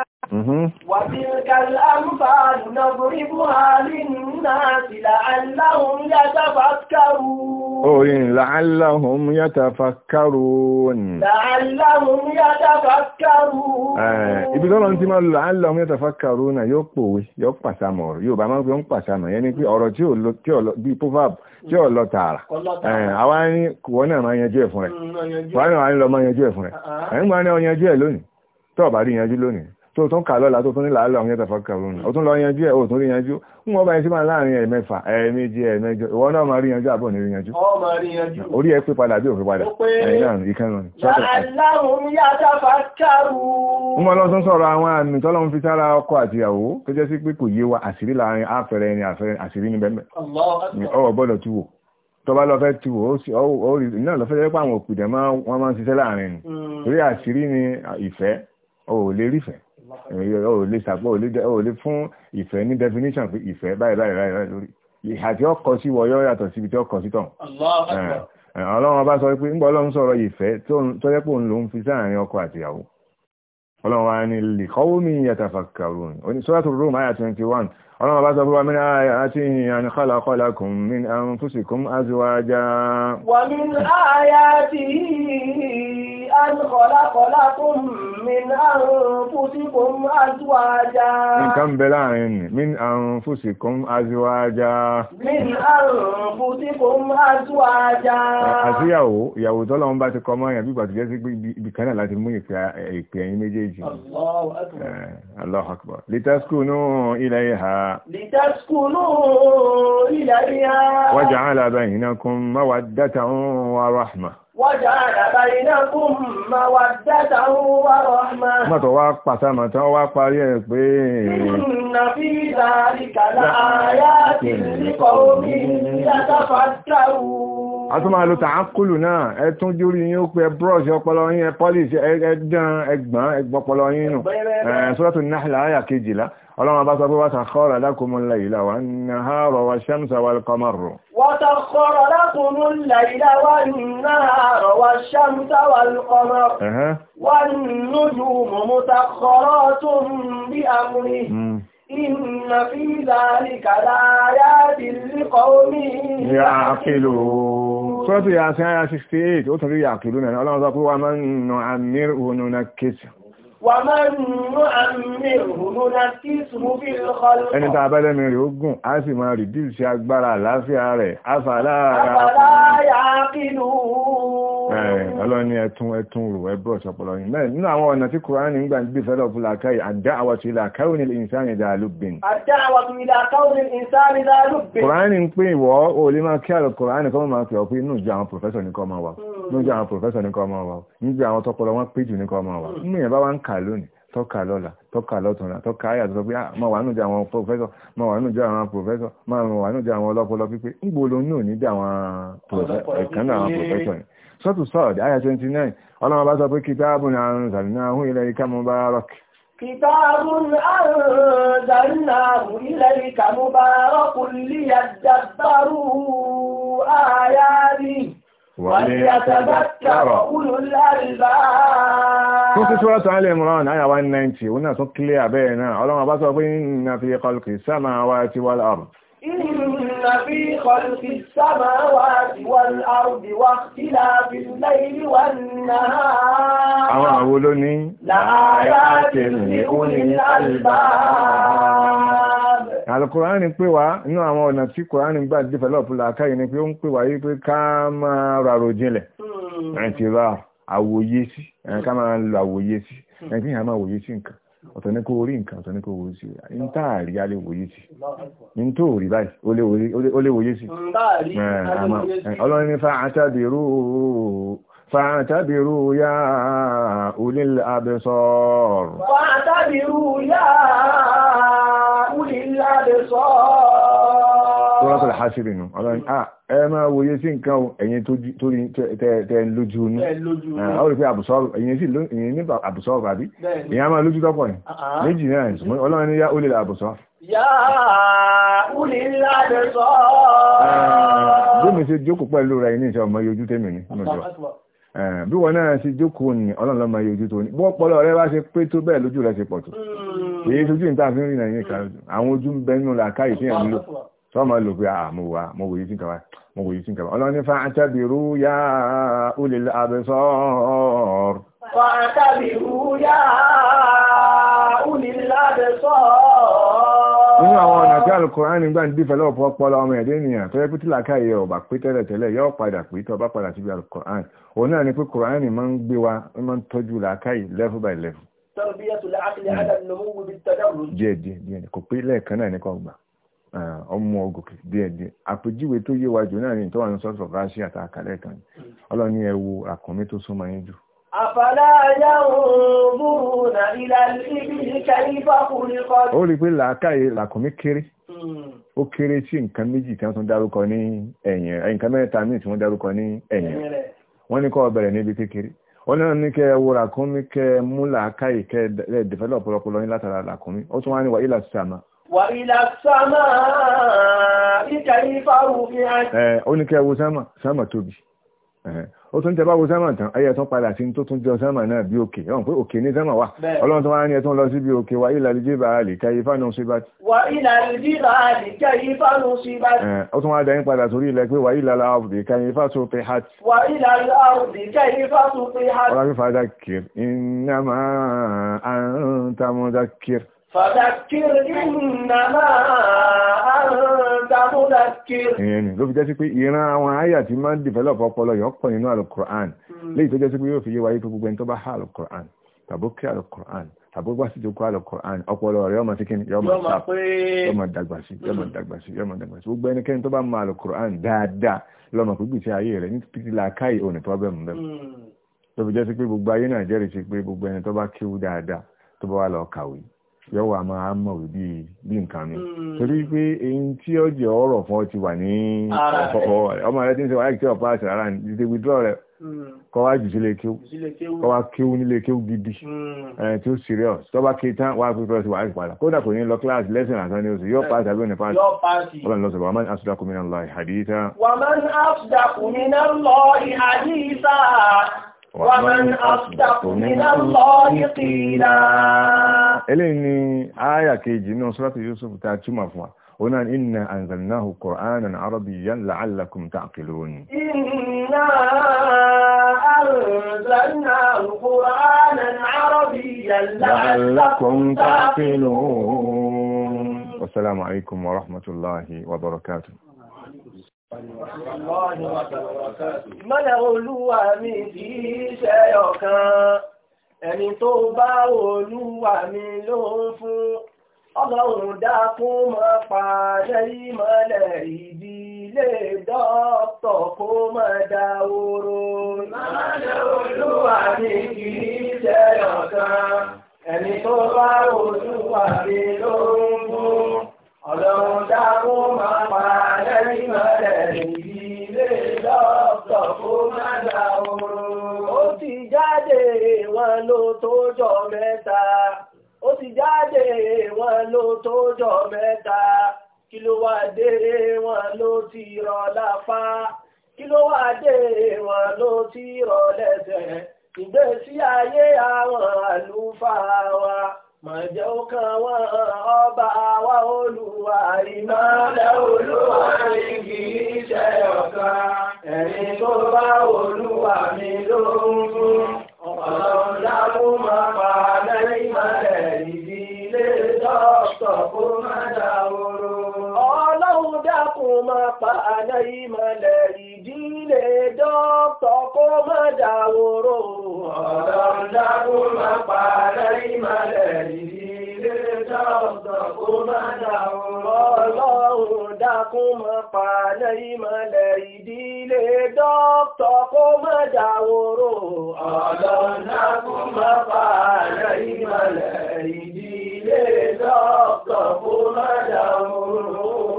ń Mm-hmm. وتلك الأمثال نضربها للناس لعلهم يتفكرون أوين oh, لعلهم يتفكرون لعلهم يتفكرون eh, ibi tọ́lọ ti máa lò لعلهم يتفكرون yóò pòwe yóò pàṣàmọ̀ ọ̀rọ̀ yóò bá máa ń fi ń pàṣàmọ̀ yẹn ni pé ọ̀rọ̀ tí ò lọ tí ò tí ò lọ tààrà eh, àwa ní wọ́n náà máa yanjú ẹ̀ fún rẹ̀ mm, tó tún kà lọ́la tó tún ní làálọ̀ àwọn yẹ́tàfà kàrún ó tún lọ yanjú ẹ̀ ó tún rí yanjú ń wọ́n bá yẹn sí máa láàrin ẹ̀mẹ́fà ẹ̀ẹ̀mejì ẹ̀ẹ̀mẹjọ ìwọ náà máa rí yanjú àbọ̀ ní rí yanjú orí ẹ pé padà bí òfin padà ẹ̀yìn ìkànnì ń wọ́n lọ tún sọ̀rọ̀ àwọn àmì tọ́lọ́ ń fi sára ọkọ àti ìyàwó tó jẹ́ sí pé kò yé wa àṣírí láàrin àfẹ́rẹ́ ẹni àfẹ́rẹ́ àṣírí ní bẹ́ẹ̀ ọ̀rọ̀ gbọ́dọ̀ tú wò tọba lọ fẹ́ tí wò ó rí náà lọ fẹ́ jẹ́ pé àwọn òpìdẹ̀ máa ń ṣiṣẹ́ láàrin ni hmm. àṣírí ni ìfẹ́ ò lè rífẹ̀ẹ́ ò lè sàpọ̀ ò lè fún ìfẹ́ ní definition pé ìfẹ́ báyìí báyìí báyìí lórí ìhà tí ó kọ sí wọ̀yọ́ yàtọ̀ síbi tí ó kọ sí tàn ọlọ́run sọ pé ń gbọ́ ọlọ́run sọ̀rọ̀ tó yẹ pé òun ló ń fi sáàrin ọkọ àtìyàwó ọlọ́run wa ni lè kọ́wó mi yatafakkarun oní sọ́rọ̀tù rome aya 21 ọlọ́run bá sọ pé wa min ayatihi an khalaqa lakum min anfusikum azwaja wa min ayatihi أن خلق لكم من أنفسكم أزواجا من كم بلعن من أنفسكم أزواجا من أنفسكم أزواجا àti ìyàwó ìyàwó tọ́lọ ń bá ti kọ mọ́yàn bí pàtàkì jẹ́sí ibi kan náà láti mú ìpè ẹ̀yìn méjèèjì Allahu akbar eh, litaskunu وجعل بينكم مودة ورحمة Mọ́tọ̀ wá pàtàmà tán wá parí ẹ̀ pé Inna fi dhalika la'ayatin liqawmin yatafakkarun. A tún máa lo tààkùlù náà, ẹ tún jórí yín ó pẹ brush ọpọlọ yín, ẹ Nahl àyà ọlọ́run bá sọ pé wáṣà kọ́rọ̀ lákùnmùn láìlá wà ní àárọ̀ wà ṣẹ́mṣà wà kọmọ̀rù wáṣà kọ́rọ̀ lákùnmùn láìlá wà ní àárọ̀ wà ṣẹ́mṣà wà kọmọ̀rù wà nínú mọ̀mọ́ta kọ́rọ̀ tó ń bí amúrí inna fi zalika laayatin liqawmin ya'qilun 68, ó tún rí yàkìlú náà, ọlọ́run sọ pé wà mọ́ Ẹni tàà bá lẹ́mìí rẹ̀ ó gùn, a sì máa rìdíù sí agbára àlàáfíà rẹ̀, afàlá àyà kìlú. Eh, ọlọ́ni ẹ̀tún ẹ̀tún rò ẹ̀bọ̀ ṣọpọlọ yìí mẹ́rin nínú àwọn ọ̀nà tí kùránì ń gbà ń gbé fẹ́lọ̀ fún làákàyè àdáàwàtú ilà káwọnì ìsáni dàálùbìn kùránì ń pín ìwọ́ o lè máa kí àrò kùránì kọ́ máa pè ọ́ pé inú ìjọ àwọn pòfẹ́sọ̀ ní kọ́ máa wà inú ìjọ àwọn pòfẹ́sọ̀ ní kọ́ máa wà níbi àwọn tọpọlọ wọn pé jù ní kọ́ máa wà nínú ìyẹn bá wá ń kà lónìí tọ́ka lọ́la tọ́ka lọ́tọ̀ọ̀la tọ́ka ayà tó sọ pé ah, ma wà nùjẹ́ àwọn pòfẹ́sọ̀ ma wà nùjẹ́ àwọn pòfẹ́sọ̀ ma wà nùjẹ́ àwọn ọlọ́pọlọ pípé ń gbòòlò náà nídẹ́ àwọn ẹ̀kan náà àwọn pòfẹ́sọ̀ yìí sọ́tù sọ́ọ̀dì àyà 29 ọlọ́run bá sọ pé kìtàbùn anzalnahu ilayka mubarak kìtàbùn anzalnahu ilayka mubarak liyadabbaru ayati وليتذكر أولو الألباب Tún sí Súrọ́tù Alẹ́ Imran àyà 190, òun náà tún kílé àbẹ́ náà, ọlọ́run bá sọ pé إن في خلق السماوات والأرض واختلاف الليل والنهار لآيات لأولي الألباب Àlùkùránì pè wá inú àwọn ọ̀nà tí Kùránì gbà dìfẹ́lọ́pù làákàyè ni pé ó ń pè wá pé ká máa ràrò jinlẹ̀. Hmm. Ẹ̀ ti ra àwòye sí, ẹ̀ ká máa lo àwòye sí, ẹ̀ kí ìyá máa wòye sí nǹkan ọ̀tọ̀ ní kó orí nǹkan ọ̀tọ̀ ní kó wo sí ní táàrí a lè wòye sí ní tó rí báyìí ó lè wòye sí ọlọ́rin ní fa'atabiru ya ulil absar fa'atabiru ya ulil absar alhásírì nù ọlọ́rin à ẹ máa wòye sí nǹkan ẹ̀yin tó rí tẹ lójú inú ọ rí pé àbùsọ́ọ̀rù ẹ̀yin sì ẹ̀yin ní àbùsọ́ọ̀rù àbí ìyá máa lójú tọ́pọ̀ ni méjì náà ẹ̀ sùnmọ́ ọlọ́rin ní yá ó lè la àbùsọ́. yá ó lè la àbùsọ́. bí mi ṣe jókòó pẹ̀lú rẹ̀ ní ìṣẹ́ ọmọ yojú tèmi ni bí wọn náà ṣe jókòó ní ọlọ́run lọ́mọ ojú tó ní bọ́ pọ́lọ́ rẹ bá ṣe pé tó bẹ́ẹ̀ lójú rẹ ṣe pọ̀ tó èyí tójú níta fi ń rìn nàìjíríà àwọn ojú ń bẹ nínú làákàyè tí yẹn ń lò sọ ma lò pé à mo wà mo wòye sí nǹkan mo wòye sí nǹkan ọlọ́ni fa'tabiru ya ulil absar. fa'tabiru ya ulil absar. nínú àwọn ọ̀nà tí Al-Kùránì nígbà ní dífẹ́ lọ́pọ̀ ọpọlọ ọmọ ẹ̀dẹ́ ènìyàn tó yẹ pé tílàkà yẹ ọ̀bà pé tẹ́lẹ̀tẹ́lẹ̀ yọ padà pé tó bá padà síbi Al-Kùránì òun náà ni pé Kùránì máa ń gbé wa máa ń tọ́jú làákàyè level by level. tọ́lù bí yẹ ọmọ ọgòkè díẹ̀díẹ̀ àpèjúwe tó yé wa jù náà ní ìtọ́wà ní sọ́ọ̀tù ọ̀gá ṣe àtàkàlẹ̀ kan ọlọ́ni ẹ wo àkànmí tó súnmọ́ yín jù. àfàlà yanzuruna ila al-ibili kayfa khuliqat. ó rí i pé làákàyè làkànmí kéré hmm. ó kéré sí nǹkan méjì tí wọ́n tún dárúkọ ní ẹ̀yìn rẹ̀ nǹkan mẹ́ta míì tí wọ́n dárúkọ ní ẹ̀yìn rẹ̀ wọ́n ní kọ́ bẹ̀rẹ̀ níbi kékeré wọ́n náà ní kẹ́ wo làkànmí kẹ́ mú làákàyè kẹ́ dẹ̀fẹ́lọ̀ ọ̀pọ̀lọpọ̀ lọ́yìn látara làkànmí ó tún wá ní wà ilà وإلى السماء كيف رفعت ó ní kẹ́ wo sánmà sánmà tóbi ó tún tẹ bá wo sánmà tán ayé ẹ̀tún padà sí tó tún jọ sánmà náà bí òkè ọ̀n pé òkè ní sánmà wà ọlọ́run tó wá ní ẹ̀tún lọ síbi òkè wà ilà lè jébà kẹ́ ifá nù sí bàtì. ó tún wá dẹ́yìn padà sórí ilẹ̀ pé wà ilà la ọ̀bì kẹ́ ifá tó pe hat. wà ilà la ọ̀bì kẹ́ ifá tó pe hat. ọlọ́run fi fàdà kiri Fàdákìrì ìnàmà àrùndàmúdàkìrì. Ìyẹn ni ló fi jẹ́ sí pé ìran àwọn àyà tí máa ń develop ọpọlọ yọ pọ̀ nínú al hmm. Léyìí tó jẹ́ sí pé yóò fi yé wáyé gbogbo ẹni tó bá há Al-Qur'an kí Al-Qur'an tàbí sí ìjókòó al ọpọlọ rẹ̀ yóò máa kíni yóò máa sáp yóò máa dàgbà sí yóò máa dàgbà sí gbogbo hmm. ẹni tó tó bá wà lọ kàwé yóò wà máa mọ̀ bí bí nǹkan mi hmm. torí pé èyí tí ó jẹ́ ọ̀rọ̀ fún ọ ti wà ní ọmọ rẹ tí ń sọ wáyé tí ọ̀pá àṣà rárá ní ti withdraw rẹ hmm. kọ́ wá jù sílé kéwú kọ́ wá kéwú nílé kéwú gidi hmm. tí ó serious tó bá ké tán wá pípẹ́ sí wàhálà padà kódà kò ní lọ kíláàsì lẹ́sìn àtàn ní oṣù yóò pàṣẹ àbí òní pàṣẹ ọlọ́run lọ sọ̀rọ̀ wàmán asúdà kùmínà lọ ìhàdí ìta. lọ ìhàdí ومن أصدق من الله قيلا إليني آية كيجي من سورة يوسف تاتشم أفوا هنا إنا أنزلناه قرآنا عربيا لعلكم تعقلون إنا أنزلناه قرآنا عربيا لعلكم تعقلون والسلام عليكم ورحمة الله وبركاته Mọ́lẹ̀ olúwa mi kì í ṣe ọ̀kan, ẹni tó bá olúwa mi ló ń fún, ọlọ́run dákún mọ́ pàṣẹ ìmọ́lẹ̀ ìdílé dọ́ọ̀tọ̀ kó mọ́ dáwòrò. Mọ́lẹ̀ olúwa mi kì í ṣe ọ̀kan, ẹni tó bá olúwa mi ló ń fún. ọlọ́run dákó máa pa lẹ́yìn mọ́lẹ̀ nìyí lè lọ́ọ̀tọ̀ ti jáde wọn ló tó jọ mẹ́ta ó ti jáde wọn ló tó jọ mẹ́ta kí ló wà dé wọn ló ti rọ lápá kí ló ló ti rọ lẹ́sẹ̀ ìgbésí àwọn àlùfáà wa. Màjọ́ká wá ọba wa olúwa ìmọ̀ lẹ́olúwa ní kì í ṣe ọ̀kan. Ẹni tó bá olúwa mi ló ń fún. Ọ̀rọ̀ lábú máa pa lẹ́yìn mọ́lẹ̀ ìdílé dọ́kítọ̀ kó má dá oró dákun máa pa àná ìmọ̀lẹ̀ ìdílé dọ́tọ̀ kó má dàwòrò. ọlọ́run dákun máa pa àná ìmọ̀lẹ̀ ìdílé dọ́tọ̀ kó má dàwòrò. ọlọ́run dákun máa pa àná ìmọ̀lẹ̀ ìdílé dọ́tọ̀ kó má dàwòrò. ọlọ́run dákun máa pa àná ìmọ̀lẹ̀ ìdílé dọ́tọ̀ kó má dàwòrò.